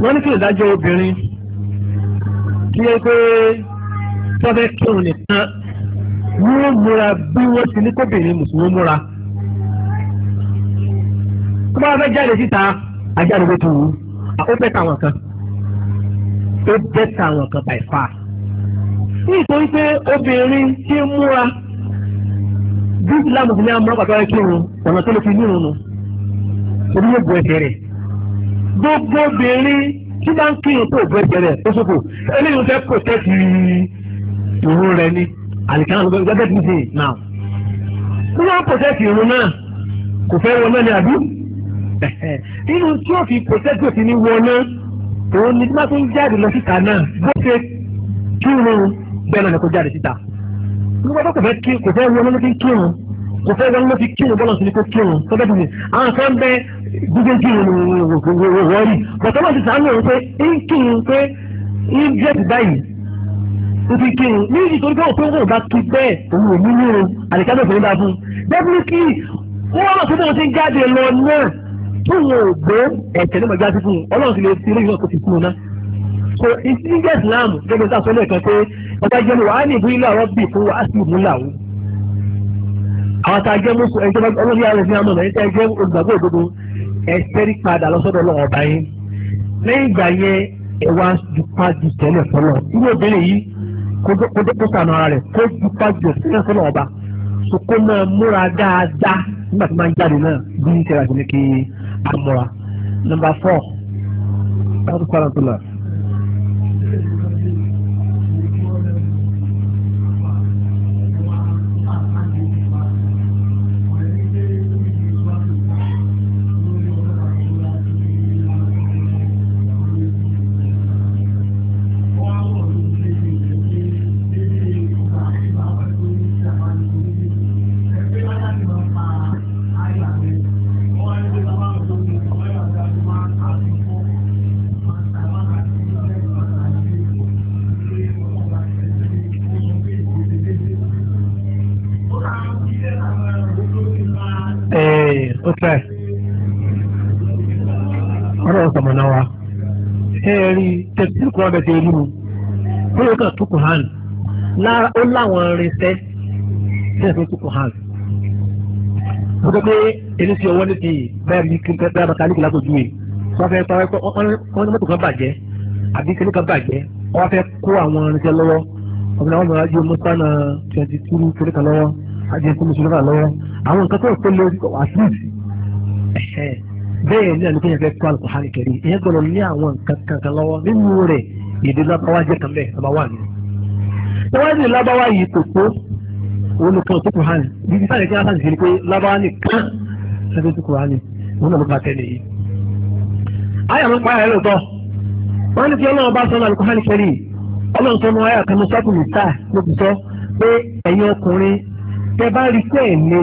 wọ́n ní kí ìdájọ́ obìnrin kí ẹ pé tọ́fẹ́ kírun nìkan wọ́n múra bí wọ́n ti ní kóbìnrin mùsùlùmí múra tó bá fẹ́ jáde síta ajáde ló ti wù ú ó bẹ́ta àwọn kan ó bẹ́ta àwọn kan by far nítorí pé obìnrin ti múra bí Islam ti ní amúra pàtó ẹ kírun ọ̀nà tó lè fi nírun nu orí yóò bu ẹsẹ̀ rẹ̀ gbogbo obìnrin tí bá ń kíyàn tó bẹ jẹrẹ ó ṣòfò eléyìí ń fẹ́ protect ìrun rẹ ni àlìkàn ló fẹ́ gẹ́gẹ́ bí ṣe náà tí wọ́n protect ìrun náà kò fẹ́ wọná ní àdú nínú tí ó fi protect òfin ní wọná òun ni tí wọ́n tún jáde lọ síta náà bó ṣe kírun bẹ́ẹ̀ náà kó jáde síta nígbà tó kò fẹ́ wọná ló fi kírun kò fẹ́ wọn ló fi kírun bọ́lọ̀ sí ni kó kírun sọ́dọ̀ bìbí àwọn kan bẹ gbígbé kírun wọ́ọ̀rì bọ̀tọ́ bá ti sàánú òun pé ń kírun pé ń dírẹ́tì báyìí ń fi kírun ní ìtorí pé òpin òun bá tu bẹ́ẹ̀ òun ò ní ní o àdìkádò òfin bá fún dẹ́bílíkì wọ́n wà pé bọ́ọ̀ ti ń jáde lọ náà tó wọn ò gbé ẹ̀tẹ̀ ní mọ̀já sí fún un ọlọ́run sì lè fi eléyìí náà kó fi kú un náà so ìsìnkẹ́ ìsìlámù gẹ́gẹ́ bí sàṣọ́lẹ̀ kan pé ọ̀gá ìjọba wàá ní ìbúlẹ̀ ọ̀rọ̀ bì fún wa á sì mú làwọn àwọn tá a jẹ́ mú ẹni tó bá ọlọ́run yára rẹ̀ fi hàn mọ́ ẹni tá a jẹ́ olùgbàgbọ́ òdodo ẹ̀sẹ̀ rí padà lọ́sọ́dọ̀ ọlọ́run ọba yín lẹ́yìn ìgbà yẹn ẹ wá dupá ju tẹ́lẹ̀ fọlọ́ irú obìnrin yìí kó dókó sànù ara rẹ̀ kó dupá ju tẹ́lẹ̀ fọlọ́ ọba sokó náà múra dáadáa nígbà tó máa ń jáde náà bí ìṣẹ̀lẹ̀ àti ní kí á múra. number four. ṣe rí mu ó yẹ kàn tún lára ó láwọn tí tún pé mi kí n bàtà nígbà pa ní kan àbí kan kó àwọn ọmọ náà twenty two kan àwọn nǹkan tó ń at least àlùkò yẹn kó àlùkò hàn èdè lábáwá jẹ́ kan bẹ́ẹ̀ nọ́mbà wà ní. tẹ́wájú ní lábáwá yìí kò tó òun tó kù hàn bíbí sáyẹn kí wọ́n sáyẹn pé lábáwá nìkan ṣẹ́fẹ́ tó kù hàn ní òun náà ló bá tẹ́lẹ̀ yìí. àyà mi pa ayà lọ́tọ̀ wọ́n ní kí ọlọ́run bá hàn ọlọ́run kan sọ́kùnrin ló ti sọ pé ẹ̀yin ọkùnrin tẹ bá rí pé ẹ̀mí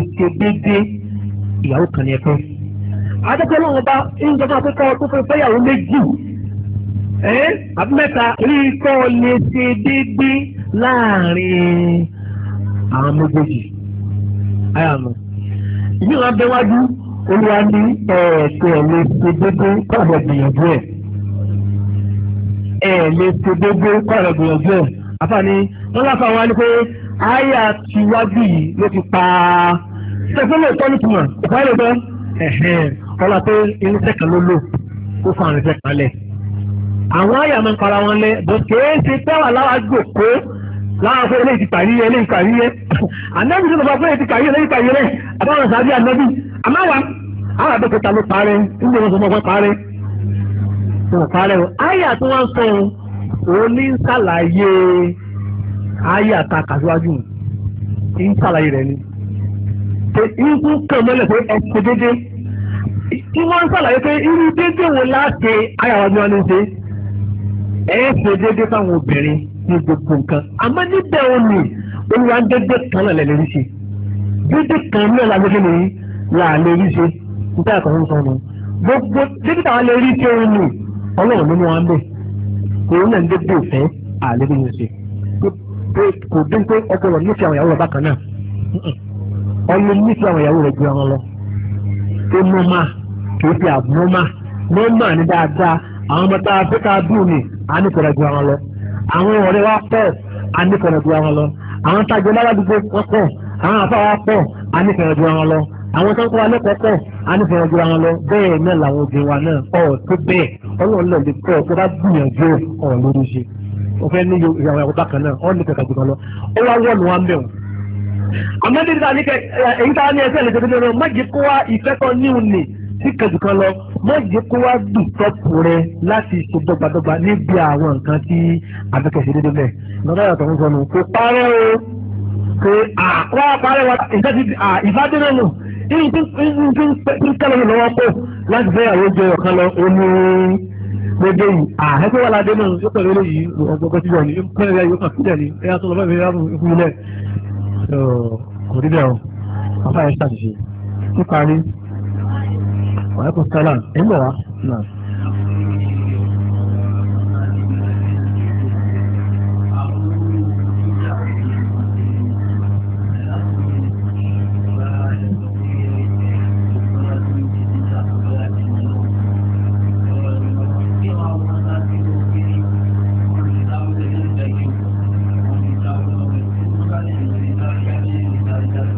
ṣe ìyàwó àbí mẹ́ta rí kọ́ lè ṣe déédéé láàrin àwọn méjèèjì àyàmù ìyí wọn bẹ wájú olúwa ní ẹ̀ẹ́dẹ̀ lè ṣe déédéé kọ́ọ̀dọ̀ gbìyànjú ẹ̀ ẹ̀ lè ṣe déédéé kọ́ọ̀dọ̀ gbìyànjú ẹ̀ àfààní wọn láfa wa ni pé àyà tiwájú yìí ló ti pa sẹfúnlẹ tọ́lù tuma ìpàdé bẹ́ẹ̀ ọ̀la pé irinṣẹ́ kan ló lò ó fa àrùn iṣẹ́ kan lẹ̀. àwọn àyà máa ń para wọn lẹ bó kéé ṣe tẹ́wà láwa gbòkó láwọn fún eléyìí ti pàríyẹ eléyìí pàríyẹ ànábì tó bá fún eléyìí ti pàríyẹ eléyìí pàríyẹ àbáwọn sàbí àwọn ló parẹ́ wọn sọ fún àyà wọ́n sọ ń àyà ta kàṣíwájú ń ṣàlàyé rẹ̀ ni ikú kàn mọ́lẹ̀ ẹ ṣe déédéé fáwọn obìnrin ní gbogbo nǹkan àmọ́ níbẹ̀ ò ní olúwa ń déédéé kan náà lẹ́lẹ́rí ṣe déédéé kan náà la gbẹ́sẹ̀ lórí là á lè rí ṣe níta àkàrà ń sọnù gbogbo déédéé táwọn lè rí ṣe òun ní ọlọ́run nínú wa ń bẹ̀ òun náà ń déédéé òfẹ́ àlébí yóò ṣe kò dé pé ọgbọ́n rẹ̀ nífẹ̀ẹ́ àwọn ìyàwó rẹ̀ bákan náà ọlọ́ nífẹ̀ẹ́ àwọn ìyàwó rẹ̀ ju àwọn lọ ó mọ́ máa kì í fi àbúrò máa mọ́ máa ní dáadáa àwọn ọmọ tá a fẹ́ ká dùn ní à ní kọ̀rọ̀ ju àwọn lọ àwọn ọ̀rẹ́ wa pọ̀ à ní kọ̀rọ̀ ju àwọn lọ àwọn tájọ lárádúgbò wọn pọ̀ àwọn àfa wa pọ̀ à ní kọ̀rọ̀ ju àwọn lọ àwọn tó ń kọ́ wa lẹ́kọ̀ọ́ pọ̀ à ní kọ̀rọ̀ ju àwọn lọ bẹ́ẹ̀ náà làwọn òbí wa náà ọ̀ tó bẹ́ẹ̀ ọlọ́run lọ lè bá gbìyànjú ọ̀ lórí ṣe o fẹ́ ní ìyàwó ẹ̀kọ́ sí kejì kan lọ má jẹ́ kó wá dùn tọ́pù rẹ láti ṣe dọ́gbadọ́gba níbi àwọn nǹkan tí afẹ́kẹ̀ṣe dédé bẹ́ẹ̀ lọ́dọ̀ yàtọ̀ ń sọnù kò parẹ́ o pé àwọn àparẹ́ wa ìjẹ́ ti ìbádẹ́nà nù ìyí tí ń kẹ́lẹ́ lọ́wọ́ pọ̀ láti fẹ́ àwọn oúnjẹ ọ̀kan lọ omi gbogbo yìí àhẹ́gbẹ́ wà ládé náà yóò pẹ̀lú eléyìí ọgbọ́gbọ́ tí wọ́n ní pẹ́lẹ́ yóò kàn sílẹ̀ ní ẹ̀yà tó lọ́bẹ̀ ìyá ìfúnilẹ̀ kò rí bẹ́ẹ̀ o afáyẹ́ ṣàṣìṣe níparí wàhálà sálàm ẹ̀ ń bọ̀ wá.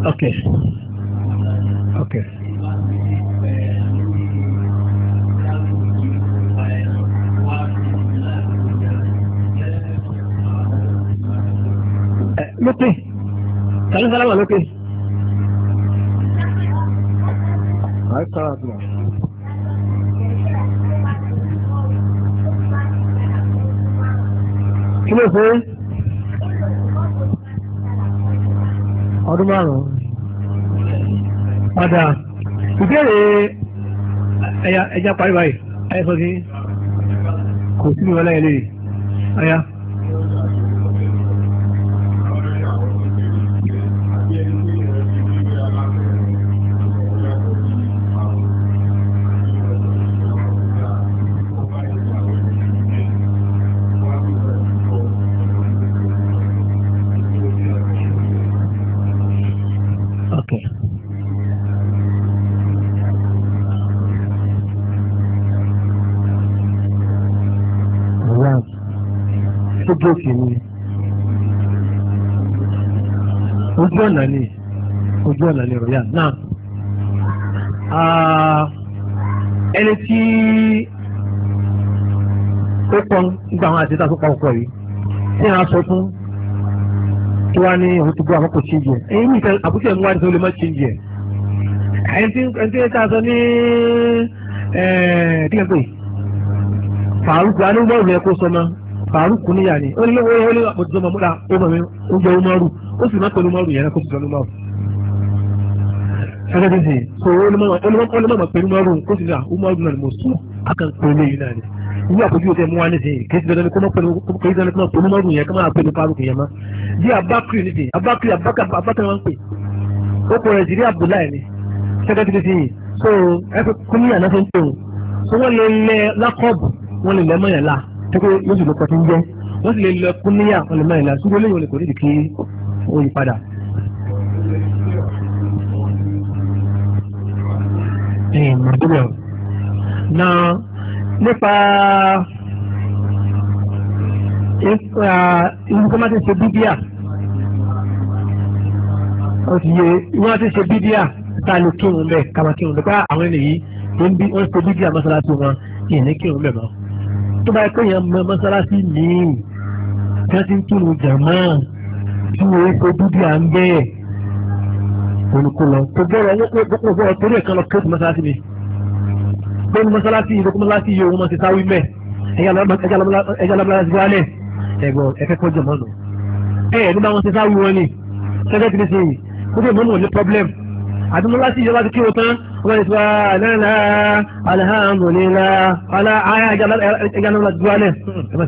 Okay. Sàlẹ̀ salam, lókè. Kí ló fẹ́? Ọdún márùn-ún. Padà. Ìbéèrè ẹja parí báyìí. Ayé sọ sí kò sí ìwọlé ẹlẹ́yìí. Ayá. sàlà lè rọ̀yà náà ẹni tí ó pọ̀ nígbà àwọn àti ìtàkùn pàwọ́pọ̀ yìí tí a sọ fún tí wàá ní òun ti gbọ́ àwọn kò ṣe jẹ èyí ní ìtàn àbúkẹ́ ń wá ní sọ́lé má ṣe jẹ ẹni tí ẹni tí a sọ ní ẹ̀ẹ́dígbà pé fàárùkù anúgbọ́ọ̀lù ẹ̀kọ́ sọmọ fàárùkù níyà ni ó ní ó ní àpòtí sọmọ múra ó mọ̀ mi ó jẹ́ ó mọ̀rù ó sì má pẹ̀lú mọ̀rù yẹn kó sì pẹ̀lú mọ̀rù ẹgbẹ́ ti sìn so olùmọ̀mọ̀ pẹ̀lú mọ́rùn kó sì ní àhúmọ́rùn náà ni mo sùn akànkọ́lé yìí náà ni ìwé àpòjú òtẹ mú wa ní sìn kí ẹsẹ̀ kó pẹ̀lú pẹ̀lú mọ́rùn yẹn kó máa pẹ̀lú faruk yẹn mọ́ bí abakiri ní sìn abakiri abakiri wọn pè ó kọ nàìjíríà abdullahi ni ẹgbẹ́ ti ti sìn so ẹgbẹ́ kúnmíyà náà ṣe ń tòun so wọ́n lè lẹ lákọ́ọ̀bù wọ́n lè lẹ mọ́yàlá tó kó yóò sì lọ́kọ̀ tó ń jẹ́ wọ́n sì lè lẹ kúnmíyà wọ́n lè mọ́yàlá ìmọ̀lẹ́wẹ̀ na nípa ìlú tó máa ti ṣe bíbíà ó ti yẹ wọ́n ti ṣe bíbíà tá a lè kírun bẹ́ẹ̀ ká máa kírun bẹ́ẹ̀ pé àwọn ènìyàn tó ń bí wọ́n ṣe bíbíà mọ́ṣáláṣí wọn kì í ní kírun bẹ́ẹ̀ mọ́ tó bá yẹ pé èèyàn mọ mọ́ṣáláṣí míì tí wọ́n ti ń kírun jàmáà tí wọ́n ṣe bíbíà ń bẹ́ẹ̀ òun kò lọ tó bọ́ọ̀rọ̀ wọ́n bọ́ọ̀rọ̀ torí ẹ̀kan lọ kéèkì mọ́sálásí mi lónìí mọ́sálásí yìí lókùn yìí òun mọ́ ti sáwí mẹ́ ẹ̀yà lábúlá ti wálẹ̀ ẹ̀gbọ́n ẹ̀fẹ́ kọjọ mọ́ nù. bẹ́ẹ̀ nígbà wọn ti sáwí wọn ni sẹ́jọ́ ti sè yìí kó dé mọ́nù òní problem àti yìí láti kí o tán wọ́n ti sọ alhamdulillah alhamdulillah